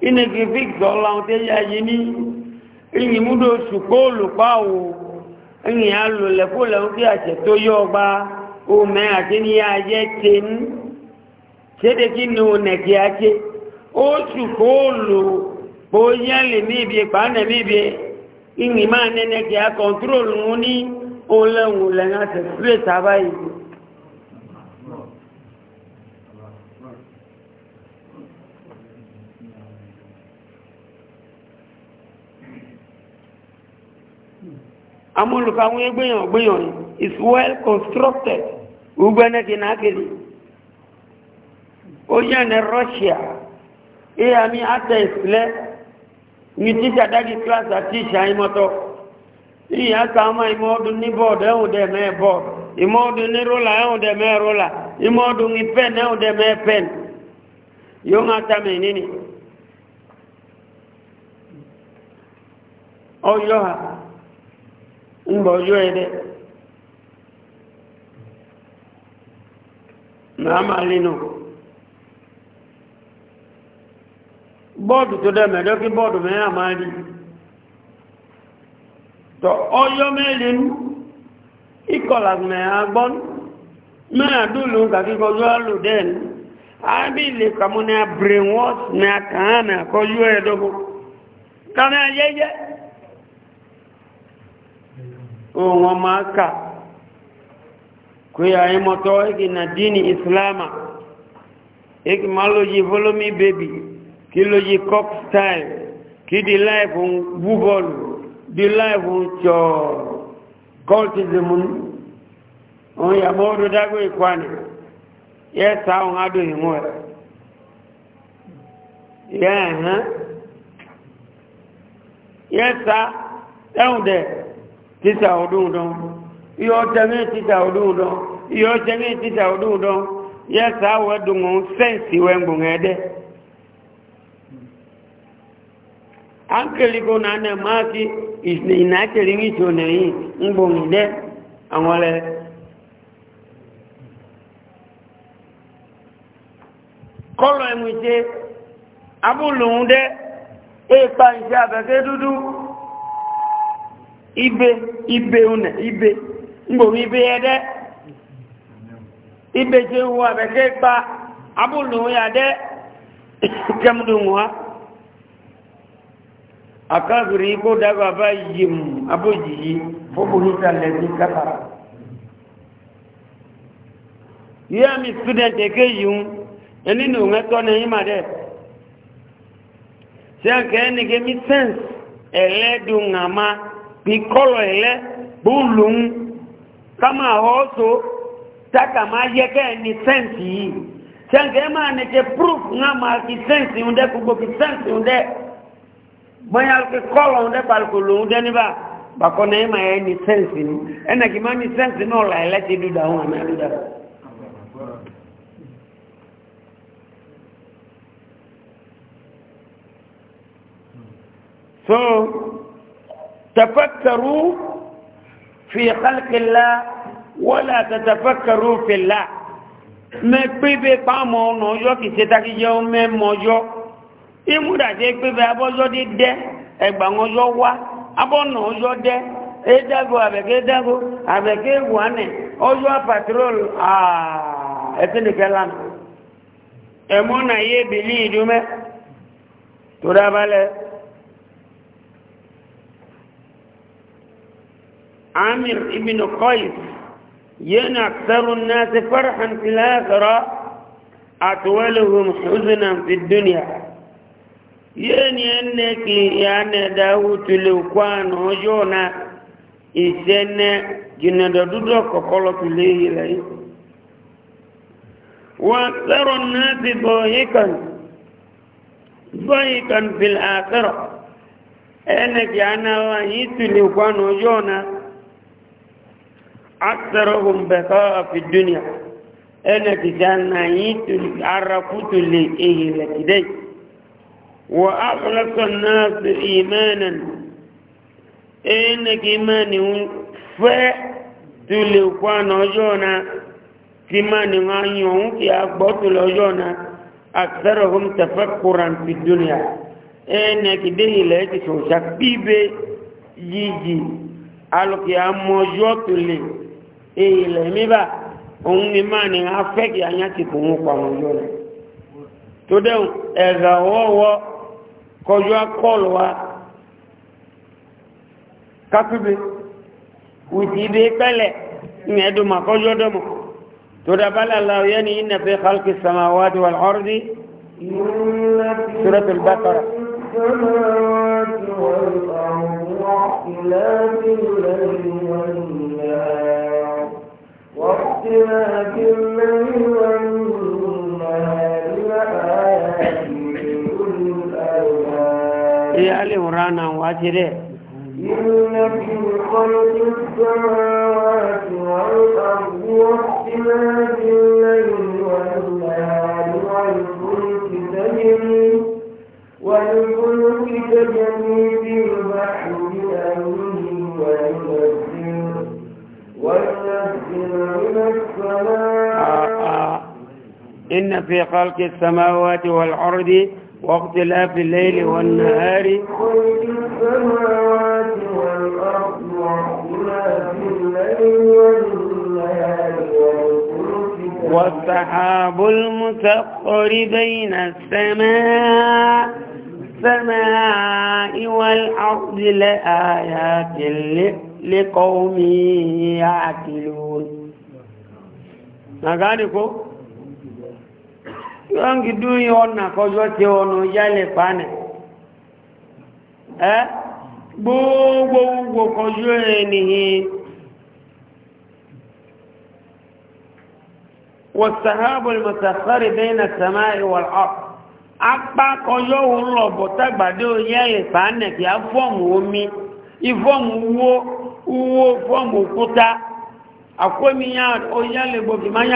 inegi fíkìtọ̀ láwọn tẹ́ yá yìí ní ìyìn múdò ṣùkó olùpá ò ìyìn alòlẹ̀ kó lẹ́wọ́n kí àṣẹ tó yọ ọgbà omẹ́ o ní yá ní ṣéde kí ni o ó lẹ́wọ̀n lẹ́yìn àti pírètì àbáyé amúlùkà àwọn gbìyàn gbìyàn ni is well constructed ugbẹ́nẹ́kì náà kiri ó yẹ́ ní russia ìyàmí àtẹ̀ ìsìlẹ̀ ní tíṣà dágì kílásà tíṣà ìmọ́tọ́ ni ya kama imodu ni bodo ya eh, ude me bodo imodu ni rula ya eh, ude me rula imodu ni pen ya eh, ude me pen yunga tame nini oyoha mbo yoede nama lino bodo tudeme doki bodo me amali bodo tọ ọyọ mẹ́rin ikọ̀lá mẹ́ agbọ́n mẹ́ àdúlù kàkí kọjú àlù dẹ́n ábí lè kàmú ní brainwash ní àkàánà kọjú ẹ̀dọ́gbọ́ kàmí ayẹyẹ òun ọmọ aka kò yà ayé mọ́tọ́ ẹ̀kì nà dínì ìsìláàmà ẹ̀kì má lóyí follow me baby kí lóyí cock style kí di life ń wú di láìwò jọ cultism ní òun yàmọ́ odò dágbé ìkwáni yẹ́ sáwọn adò ìwọ̀n ẹ̀ yẹ́ ẹ̀hán yẹ́ sá ẹ̀hùn dẹ̀ títà ọdún dán yọ tẹ̀mí títà ọdún dán yọ tẹ̀mí títà ankeliko na ana maki inakeli ngicho ne yi ngbongide angole kọlọ ẹmùjẹ abúlùúndẹ èèpa e ìṣẹ́ abeke dudu. ibe ibe unẹ ibe ngbòmí ibe yede. ibe jẹ́ abeke àbẹ̀kẹ́ pa ya de kẹmùdùn e wa akazuri ko daga ba yim aboji fobo hita lezi kafara ya mi student eke yun eni no nga to ne ima de se ke ni ke mi sense ele du ngama bi kolo ele bulun kama hoso taka ma ye ke ni sense yi se ke ma ne ke proof ngama ki sense unde ku go ki sense unde bóyá pé kọ́lọ̀ ń dẹ́pàá kò lòun dẹ́ níbà bàkọ́ náà ẹ̀mà ẹ̀ ní sẹ́ǹsì ní ẹ̀nà kì máa ní sẹ́ǹsì náà láì láti dúdà àwọn àmì àdúdà so tafakkaru fi khalqillah wala tatafakkaru fillah mẹ́ pé bẹ́ pàmò ọ̀nà ọjọ́ kìí ṣe tákíjẹ́ ọmọ ọjọ́ imúdàjẹ́ pé bẹ abọ́zọ́dé dẹ́ ẹgbàmọ́zọ́ wá abọ́nà ọzọ́ dẹ́ édágo e àbẹ̀kẹ́ édágo àbẹ̀kẹ́ wàánẹ̀ ọzọ́ patrol ẹ̀kínìkẹ́ e lánà ẹ̀mọ́ e nà yé bìlí ìdúmẹ́ tó dábálẹ̀ amir ibn qais yẹn àkẹrù náà ti farhan fi láàkọrọ fi dúnìyà yéèni ẹnẹ kì yánẹ dáwù tulẹ̀ òkú àná ọjọ́ náà ìsẹ́nẹ na dúdọ̀ kọ̀kọ́lọ̀ tulẹ̀ yìí lẹ́yìn. wọ́n sọ̀rọ̀ náà ti bọ̀ yìí kan bọ̀ yìí kan fìlà àtọ̀rọ̀ ẹnẹ kì yánẹ wà yìí tulẹ̀ òkú وأغلق الناس إيمانا إنك إيمان فتلقان أجونا كمان نغانيهم كي أكبط الأجونا أكثرهم تفكرا في الدنيا إنك دي لك شوشك بيبي يجي alùpùpù amọ̀jọ́ tó lè ilẹ̀ mìíbà òun ni máa ní afẹ́kì anyá ti kò ń pa àwọn ọjọ́ rẹ̀ tó dẹ́hùn ẹ̀gà ọwọ́wọ́ kọjọ́ akọ́lù wa kápíbe wùtí ibi pẹ́lẹ̀ ní ẹ̀dùnmà kọjọ́ dọ́mọ̀ tó dábálà láwọ́ yẹ́ ni iná fẹ́ kálkì samawadi wà lọ́rọ́dí suratul bakara واختلاف الليل والنهار لآيات يا لمران واجري إن في خلق السماوات والأرض واختلاف الليل والنهار والفلك تجري والفلك تجري في البحر بأمره وينزل وينزل من السماء آه، آه. إن في خلق السماوات والأرض واختلاف الليل والنهار والسحاب المسخر بين السماء السماء والأرض لآيات لقوم يعقلون نغانيكو yọ́n gidú yọ ọ̀nà kọjọ́ tí ọ̀nà yálẹ̀ pánẹ̀ ẹ́ gbogbo gbogbo kọjọ́ ènìyàn wọ̀sàhábù mọ̀sàfẹ́rì bẹ́ẹ̀nà sàmá ìwọ̀lọ́ apá kọjọ́ òun lọ bọ̀ tágbàdé yálẹ̀ pánẹ̀ kí á fọ́ọ̀mù omi ìfọ́ọ̀mù wó wó fọ́ọ̀mù òkúta àkómi yá ó yálẹ̀ gbòkì máa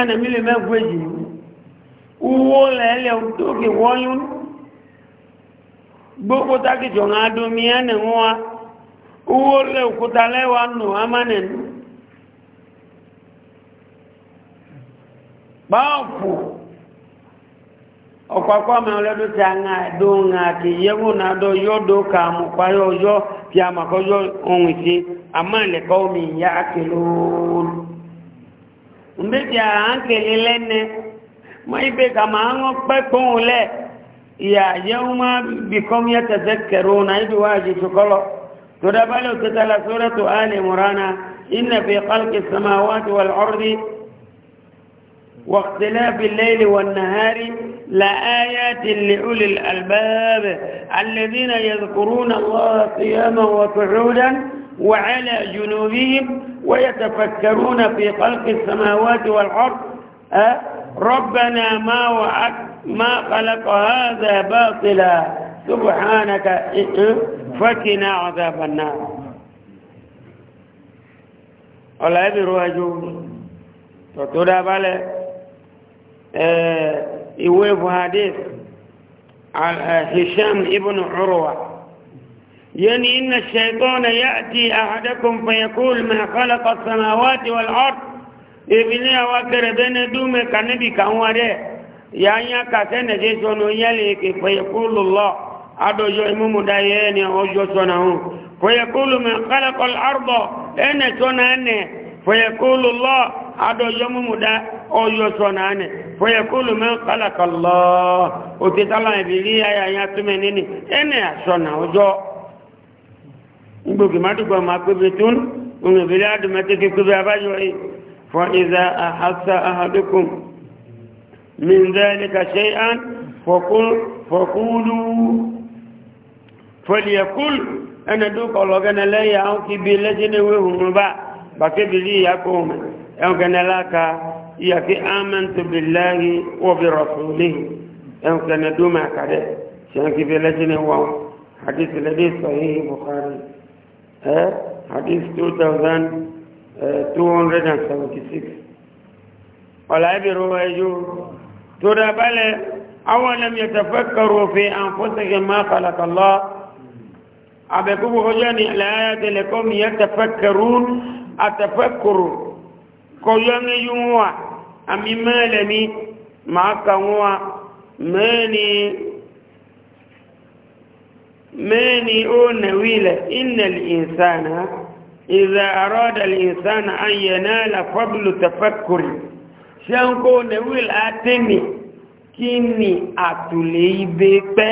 uwo lẹ́lẹ̀ òkè wọ́yún gbogbo takìjọ ń adomi ẹnì wọn uwo lẹ́ òkúta lẹ́wà nù amánẹ̀nù báàpù ọ̀pọ̀pọ̀ mẹ́rin lẹ́dọ́ ti àná ẹ̀dọ́ ń àti yẹ́wò yọ́dọ̀ ọjọ́ ohun ìṣe omi ìyá ń ma ibe kama ango kpekpon le ya yauma yawma bikum yatazakkaruna ibi waji tukolo tudabalo tutala suratu ali murana inna fi khalqi samawati wal ardi واختلاف الليل والنهار لآيات لأولي الألباب الذين يذكرون الله قياما وقعودا وعلى جنوبهم ويتفكرون في خلق السماوات والأرض أه؟ ربنا ما وعد ما خلق هذا باطلا سبحانك فكنا عذاب النار ولا يبرو هجو تطودا بالي آه، يويف حديث هشام ابن عروة يعني إن الشيطان يأتي أحدكم فيقول ما خلق السماوات والأرض ebile awa kere bene dume kanibi kanware ya nya ka tene je sono yale ke fa yaqulu allah ado yo imumu da yene ojo sona hu fa yaqulu man khalaqa al arda ene sona ene fa yaqulu allah ado yo imumu da ojo sona ene fa yaqulu man khalaqa allah o ti tala ibili ya ya tume nini ene sona ojo ngbo ki madu ko ma pe betun ngbe bila du mate ke ku ba yo فإذا أحس أحدكم من ذلك شيئا فقل فقولوا فليقل أنا دوك الله كان لا يعوكي بلجن وهم با بكبلي يقوم أو كان لك يكي آمنت بالله وبرسوله أو كان دوما كده شانكي بلجن وهم حديث الذي صحيح بخاري حديث 2000 276 ọ̀làbìrò ẹjọ́ tó dábálẹ̀ àwọn ẹlẹ́mìyàtàfẹ́kọ̀rọ̀ fi àǹfọ́sẹ̀gẹ̀ máa kàlàkàlọ́ àbẹ̀kúgbò ọjọ́ ni láyá tẹlẹkọ́ mi yàtàfẹ́kọ̀rún àtàfẹ́kọ̀rọ̀ kọjọ́ ní yúnwà àmì mẹ́lẹ̀ ni máa kàwọ́wà mẹ́ni mẹ́ni ó nẹ̀wílẹ̀ inẹ̀lì ìsáná ìzà àrọ́dà ìsànà ayẹ̀nà àlàfọ́bùlù tẹfẹ́kùrì ṣe ń kó nẹ̀wìl àtẹ́mì kí ni àtùlẹ̀ ibẹ̀ pẹ́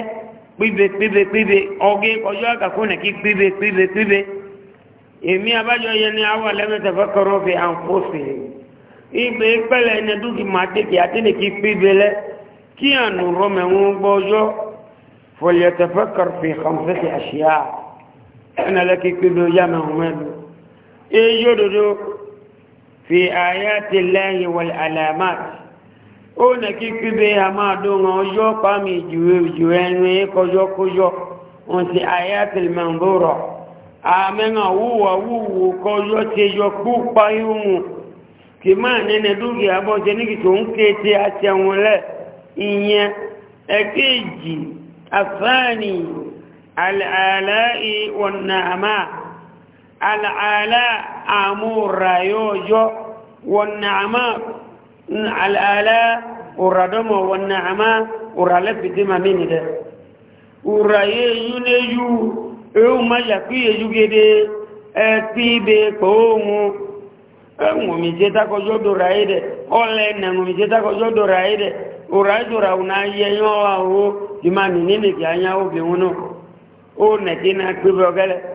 píbe píbe píbe ọgẹ́ ọjọ́ àkàkùnà kí píbe píbe píbe èmi abájọ yẹn ni àwọn alẹ́mẹ́tẹ̀fẹ́ kọrọ fi àǹfóṣe ibẹ̀ pẹ́lẹ̀ ẹni dúkì máa tẹ́kì àtẹ́nì kí píbe lẹ́ kí ànú rọmẹ̀ wọn gbọ́jọ́ fọlẹ̀tẹ̀fẹ́ eyi òdodo fi àyàtì lẹ́yìn wọ̀l alamat ó nà kí kíbe àmàdùn ọjọ́ pàmì ìjùwé ìjùwé ẹnu kọjọkọjọ wọn ti àyàtì mẹ́ngbòrọ̀ àmẹ́nà wúwà wúwo kọjọ ti yọ púpà yóò kì máa nẹ́nẹ̀ dúkìá bọ́ jẹ́ níbi tó ń ké tí ìyẹn ẹ̀kéjì àfáàní àlàáì wọ̀nà àmáà العلاء أمور يوجو والنعماء العلاء أردم والنعماء أرلب دم من ده أرأي ينجو أوما يكي يجوكي ẹ̀píbe kòóhun ẹ̀wùnmìjẹ́ takọjọ́ dòrà ẹ̀dẹ̀ ọlẹ̀ ẹ̀nàmìjẹ́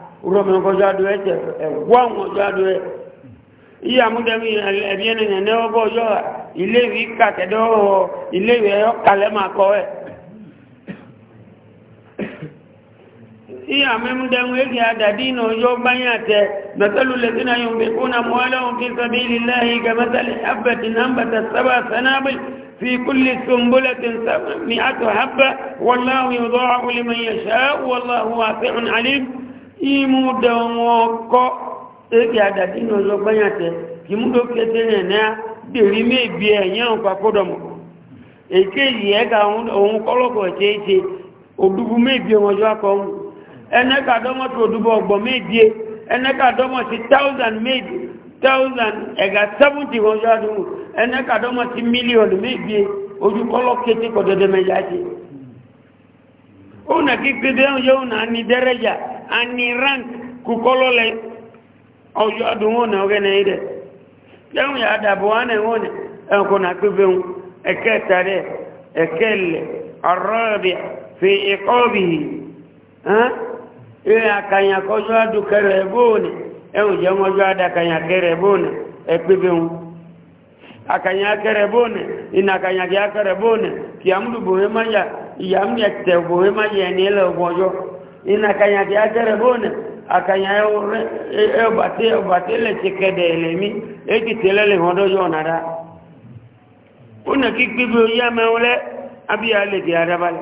urome ko jadu e te gwango jadu e iya muda mi ebiene ne ne obo yo ile wi ka te do ile wi yo kale ma ko e iya me muda mu e ga dadi no yo banya te mathalu alladhina yunfiquna amwalahum fi sabilillahi kamathali habatin anbatat sab'a sanabil في كل سنبلة مئة حبة والله يضاعف لمن يشاء والله واسع عليم imu da ko eke adati ni ozo gbanyate imu do kete ne na deri me bi eyan pa kodomo eke yi ohun koloko cheche odubu me bi won jo ko ene to odubu ogbo me bi e, ene ka si 1000 me 1000 e ga 70 won jo si million me bi koloko cheche ko dede una kikide yona ni daraja ani rank kukolole ojo adungona ogene ide yamu ya adabu wane ngone enko na kibe eketare ekelle arabi fi iqabihi ha ile akanya kojo adu kerebone ewo je mojo ada kanya kerebone ekibe akanya kerebone ina akanya ya kerebone kiamdu bohema ya yam ya te bohema ya ni le gojo ina akanya ya kerebone akanya e, e bate bate le chekede elemi e ti telele hondo yo nada una kikbibio ya meule abi ale ti arabal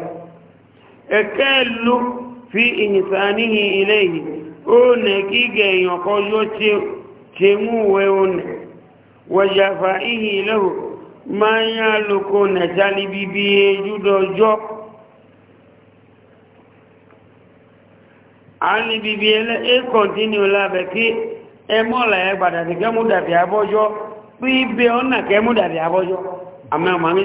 ekelu fi insanihi ilayhi one kige yon ko yo che chemu we one وجفائه له ما يالك نتالي ببيه جدو جوك ali bibi ele e continue la beki e mo la e gbada ti kemu da bi abojo bi be ona kemu da bi abojo amma ma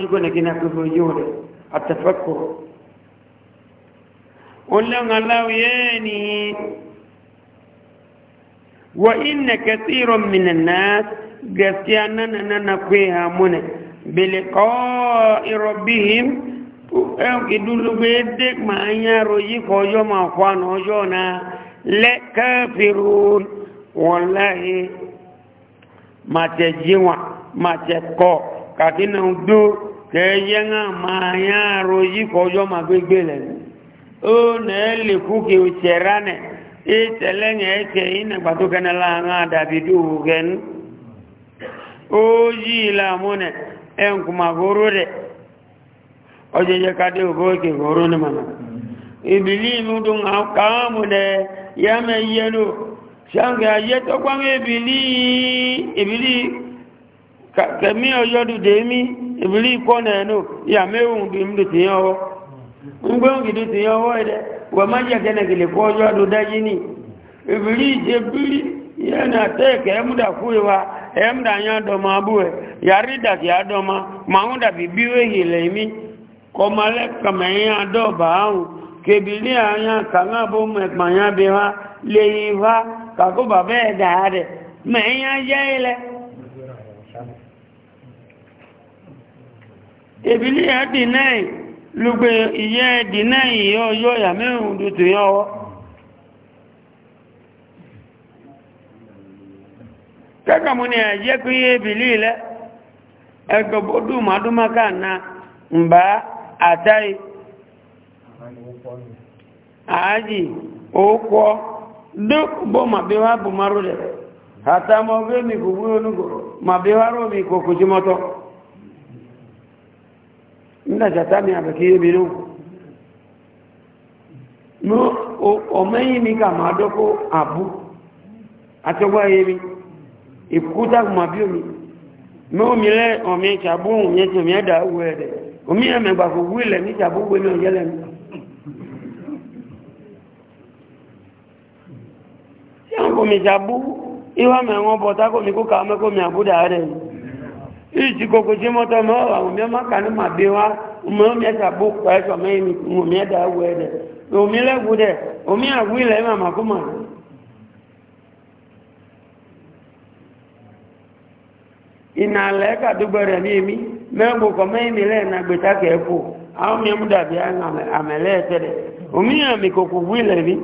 wa inna katiran minan nas gaskiya nan nan na kwe ha mune bele ko irobihim e, idulu be dek ma anya royi ko yo ma kwa no yo na le kafirun wallahi ma te jiwa ma te ko katina do ke yenga ma anya royi ko yo ma gbegbe le o na le ku ke o cherane e ke ina gbadu la nga dabidu gen oyi lamune en kuma goro de oje kade ogo ke goro ne mana ibili mu dun aka mu de ya me yelo shange aye to kwa ibili ibili kemi oyo demi de mi ibili ko na no ya me un bi mu ti yo ngbe un gidu ti yo wo de wa ma je kene gele ko oyo du ibili je yana te ke da kuwa emda nya doma abue yarida ya doma maunda bibiwe hilemi komale kama ya doba au kebilia nya kanga bomu manya bewa leiva kako babe dare menya yele ebilia dinai lugbe iye dinai yo yo ya mehundu tuyo kaka muni aje kuye bilile ihe bodu niile kana mba atai aji okwo duk bo mabewa bu marule hata mobe mi kubuyo mabewa mi ko kujimoto nda jatami o mi ka ìkúta kùmà bí omi mẹ́ omi lẹ́ ọmọ ìṣàbó omi omi ẹ̀mẹ̀ gbàgbọ́ iwa ilẹ̀ ní ìṣàbó wù ní ọjọ́ lẹ́nu tí àwọn kòmì ìṣàbó ìwà mẹ́wọ́n bọ̀ tá kòmì kókà mẹ́kòmì àbúdà rẹ̀ ìjì kòkò tí mọ́tọ́ mọ́ àwọn omi ọmọ kanú omi omi ina leka dubere mimi membo kwa mimi le na gbetake epo au mi muda bia amelete de umia mikokuvile vi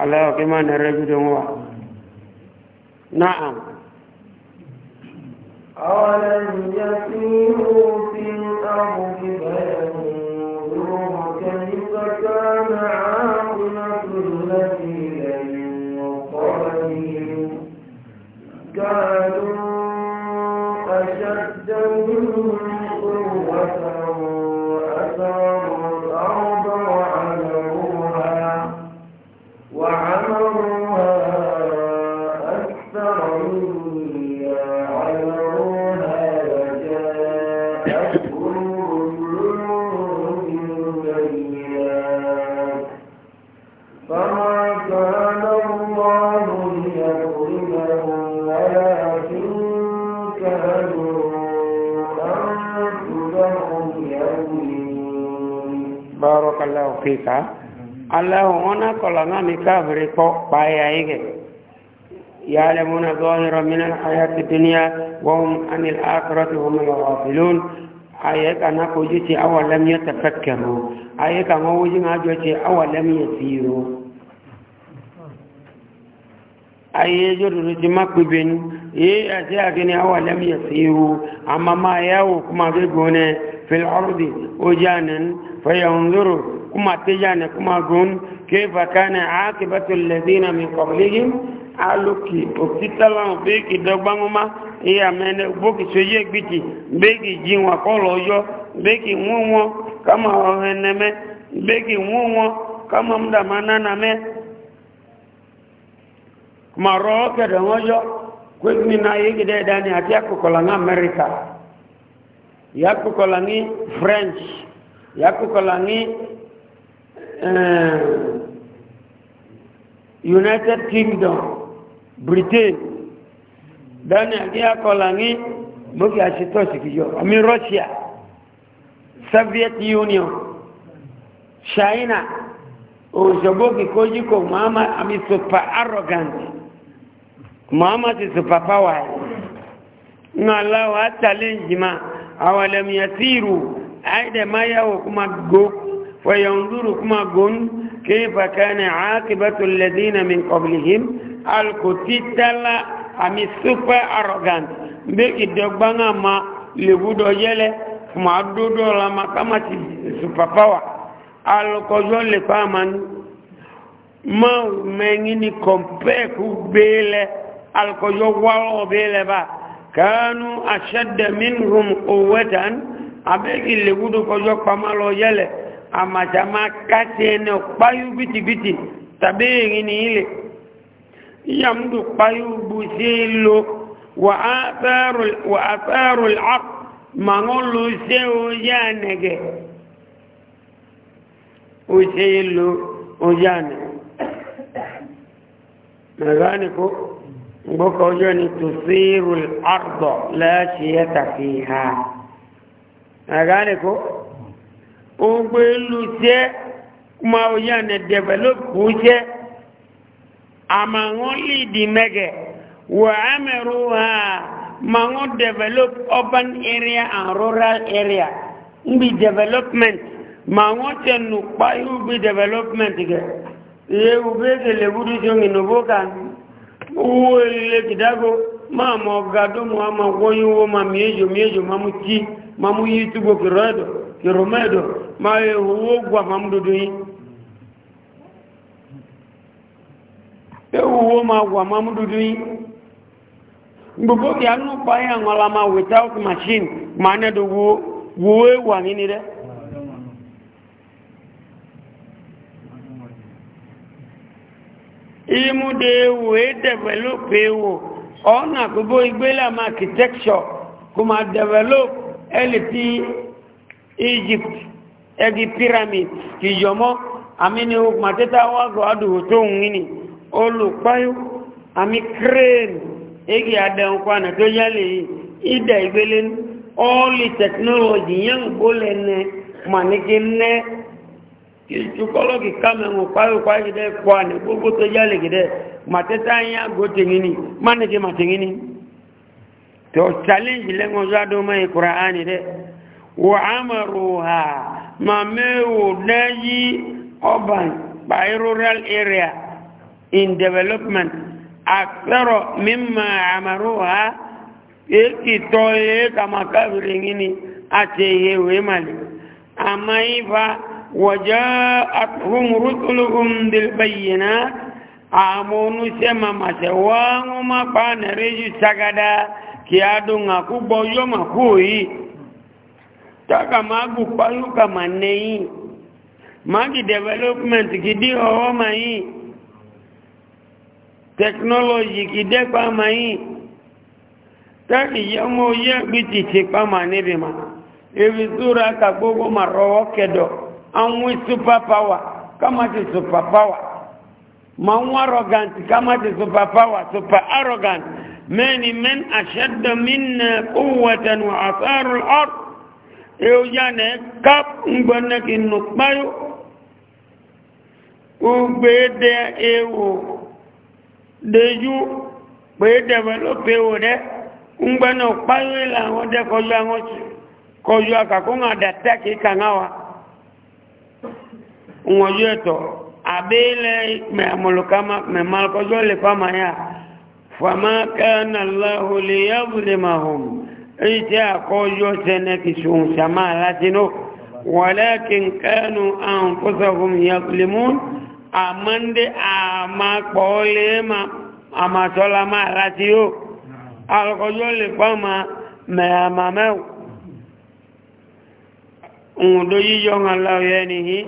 ala kama na rajudu wa na'am أولم يسيروا في الأرض فينظروا كيف كان عاقبة الذين كانوا kika allahu ona kolanga mi kafiri ko paya ige يعلمون ظاهرا من الحياة الدنيا وهم عن الآخرة هم الغافلون aye kana ko jiti awalam ya tafakkaru aye kana wuji ma joti awalam ya siro aye jodu ji makubin ye ase agini awalam ya siro amma ma yawo kuma ga gone fil ardi ujanan fayanzuru kuma tijani kuma gun kaifa kana akibatu alladhina min qablihim aluki okitala be ki dogbanguma iya mene boki soye gbiti be ki jinwa kolo yo be ki nwo kama oheneme be ki nwo kama mda manana me kuma roke de ngoyo kwekni na yigi de dani ati akokola na america yakokola ni french yakokola ni Eh, united kingdom britain dani akíyàkọ́lá ní mọ́kí àṣetọ́sì kìjọ àmì russia soviet union china òṣogbo kìkójú kò muhammad àmì super arrogant muhammad is super power nínú aláwọ̀ á challenge ma àwọn ẹlẹ́mìyàn tí ìrù àìdẹ̀máyàwó kó máa gbókù فينظر كما قن كيف كان عاقبة الذين من قبلهم الكتتلا أمي سوبر أروغانت بيكي دوبانا ما لغودو يلي كما دودو لما كما سوبر باور alukɔjɔ le fa ama nu mawu mɛŋini kɔmpɛku bee lɛ alukɔjɔ wɔlɔ bee lɛ ba kaanu ahyɛdɛ minhum owɛtan abegi legudu kɔjɔ kpama lɔ yɛlɛ amajama kati ene kpayu biti biti tabe ni ile yamdu kpayu buzelo wa atharu wa atharu al-aq mangolu seo yanege uzelo ujane nadhani ko mboka ujua ni tusiru al-ardha la shiyata fiha nadhani ko ogbe lusie kuma oya ne develop kusie ama ŋo lidi mege wa ameru ha ma ŋo develop urban area and rural area ngbi development ma ŋo te nu kpa iwubi development ge ye ube gele wudu so ŋi nubo kan wo ile kidago ma mo gado mo ama wo yiwo ma miejo miejo ma mu ti ma mu yi tubo kirodo kiromedo máa wo ó gba fam dúdú yín ewu ó máa gba fam dúdú gbogbo kí a nù pa yẹn àwọn ọlọmọ without machine máa ní ẹdọ wo wo ewu àní ni rẹ. imude e ewu ọ na ọ̀nà gbogbo igbela àmà architecture kò máa develop e lp egypt ẹgi pyramid kì amini àmìní ogun àtẹ́ta wágọ̀ adùwò tó ń wí ni olùpáyó àmì crane ẹgi àdẹ̀hùn kwanà tó yálẹ̀ ìdà ìgbélé ọ́ọ̀lì technology yẹn gbólẹ̀ nẹ màníkí nẹ ìtukọ́lọ́gì kámẹ́hùn páyó páyó dẹ́ kwanà gbogbo tó yálẹ̀ gidẹ́ màtẹ́ta yẹn àgọ́tẹ̀ yìí ni mánìkí màtẹ́ yìí ni tó challenge lẹ́gbọ̀n sọ́dọ̀ mọ́ ìkùrà á ni dẹ́ wọ́n á mọ̀ rò hà. Mamewu Nayi urban by rural area in development. Aksaro mimma amaruha eki toye kama kabiri ngini ate yewe mali. Ama ifa wajaatuhum rusuluhum bilbayinat amonu sema masewangu mapana reju sagada kiadu ngakubo yoma kui taka magu paluka maneyi magi development kidi ọwọ́ mayi technology kide pa mayi taki yọmọ yẹ gbiti ti pa ma níbi ma ebi tura ka gbogbo ma rọwọ kẹdọ àwọn super power kama ti super power ma ń arrogant kama ti super power super arrogant mẹ́ni mẹ́ni aṣẹ́dọ̀ mí na kúwẹ̀tẹ̀ nù àṣẹ́rù ọ̀rọ̀ eo ya na kap mgbane gị nukpayo ugbede ewu deju gbee develope ewo de mgbane ukpayo ila e àwọn de kọjú àwọn kọjú akakún àdàtà ma ya fama إيجا قويو سنك شون شمالتنا ولكن كانوا أنفسهم يظلمون أمن دي أما قوليما أما سلما راتيو القويو لفما ما أمامو ودو يجون الله ينهي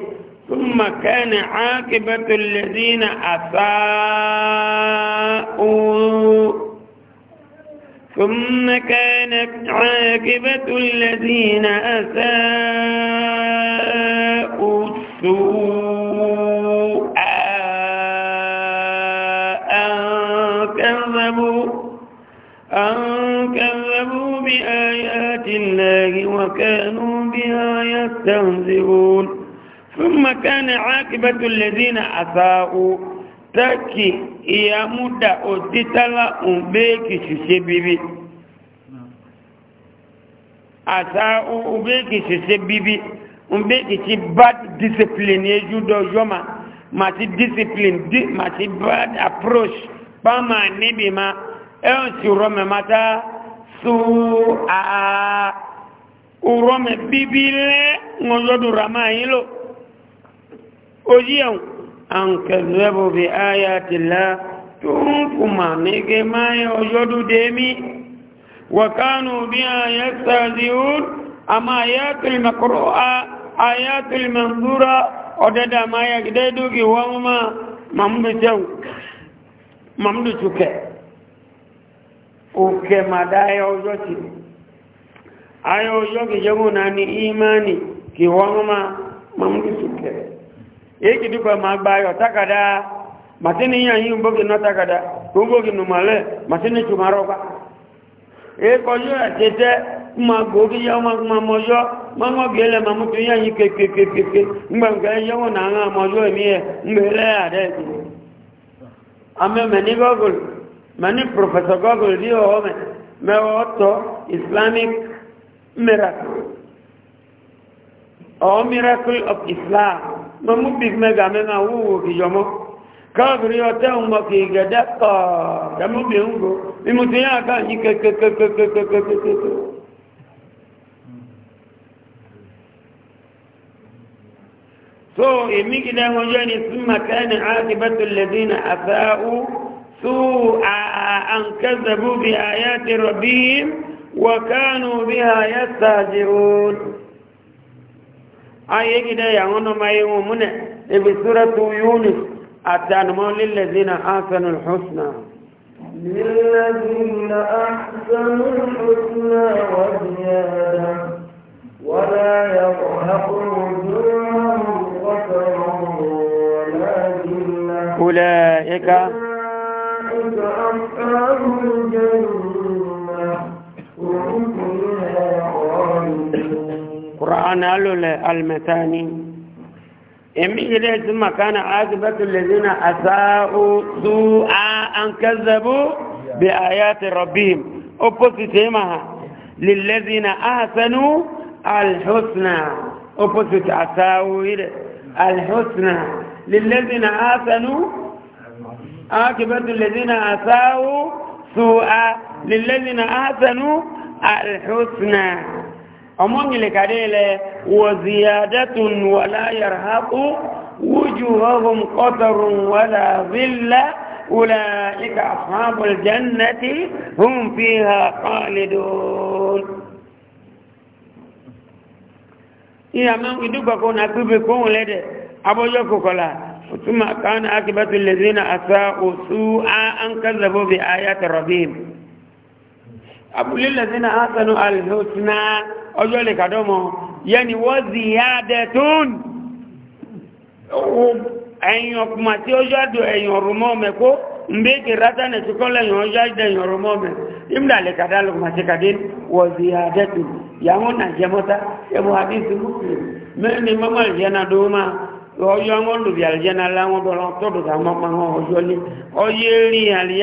ثم كان عاقبة الذين أساءوا ثم كانت عاقبة الذين أساءوا السوء أن كذبوا, بآيات الله وكانوا بها يستهزئون ثم كان عاقبة الذين أساءوا taki iya muda otitala umbeki shusebibi asa umbeki shusebibi umbeki ti bad discipline ejudo yoma mati discipline di mati bad approach pama nibi ma eon si urome mata su a urome bibi le ngojodu rama yilo oji ehun an kazzabu bi ayati llah tun kuma nege maye ojodu demi wa kanu biha yastahzi'un ama ayatul maqru'a ayatul manzura odada maya gidedu gi wama mamdu jaw mamdu chuke uke madaya ojoti ayo ojogi jamu nani imani ki wama mamdu chuke eki dupa magbayo takada matini ya yin bogi no takada kungogi numale matini chumaroka e ko yo tete ma gogi ya ma ma moyo ma ngo gele ma mutu ya yin ke ke ke ke ngba ga ya wona nga e mbele ame meni meni professor dio me otto islamic miracle miracle islam ma mú bí mẹ́gà mẹ́gà wúwo kìjọmọ́ káàkiri ọtẹ́ ọmọ kì í gẹ̀dẹ́ pọ̀ dàmúbi ń go mímú ti yá àká yí kékékékékékékékékéké. so èmi kì náà wọ́n yọ ni súnmọ́ kẹ́ni áti bẹ́tù lẹ́dín àtàwù sú àǹkẹ́sẹ̀bù bí ayé ti rọ̀ bí wọ́n kánú bí ayé sàjẹ́ òòlù. ayegide yawon ma yawon mune ibi suratu yunus التنمو للذين آسنوا الحسنى للذين أحسنوا الحسنى وزيادة ولا يرهق وجوههم قتر ولا ذلة أولئك أولئك أصحاب الجنة هم فيها خالدون قالوا للمثاني إمي إليه ثم كان عاقبة الذين أساءوا سوءا أن كذبوا بآيات ربهم أبوسيتهما للذين أحسنوا الحسنى أبوسيت أساءوا الحسنى للذين أحسنوا عاقبة الذين أساءوا سوءا للذين أحسنوا الحسنى omongile kadele wa ziyadatun wala yarhaqu wujuhahum qatarun wala dhilla ulaika ashabul jannati hum fiha khalidun iya man idugba ko ثم كان عاقبة الذين أساءوا سوءا أن كذبوا بآيات ربهم àbúlé lẹ́sìn àásánú alìhùsùnà ọjọ́ lè kàdọ́mọ yẹni wọ́n zì yá dẹ̀ tún ẹ̀yìn ọkùnmà tí ó ṣáàdù ẹ̀yìn ọ̀rùmọ́ mẹ́ kó mbéèkì rátà nẹ̀ síkọ́ lẹ́yìn ọjọ́ ẹ̀yìn ọ̀rùmọ́ mẹ́ ìmdà lè kàdá lùkùnmà tí kàdé wọ́n zì yá dẹ̀ tún yàwọn nàìjẹmọ́ta ẹ̀mú àdínsì mùsùlùm mẹ́rin mọ́mọ́ ìjẹ́nà dòó máa ọjọ́ wọn lùbí àlìjẹ́nà láwọn bọ̀rọ̀ tọ́dù sàmọ́pàá ọjọ́ lé ọyẹ́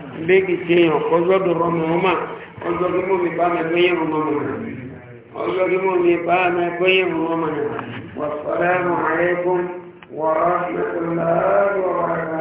bẹ́ẹ̀kì tí èèyàn kọjọ́ dọ̀rọ̀ mọ́ọ́mà ọjọ́ kí mọ́ mi bá mi gbẹ́yẹ̀ mọ́ọ́mà ọjọ́ kí mọ́ mi bá mi gbẹ́yẹ̀ mọ́ọ́mà wàsálàmù alaykum wa rahmatulahi wa barakatuh.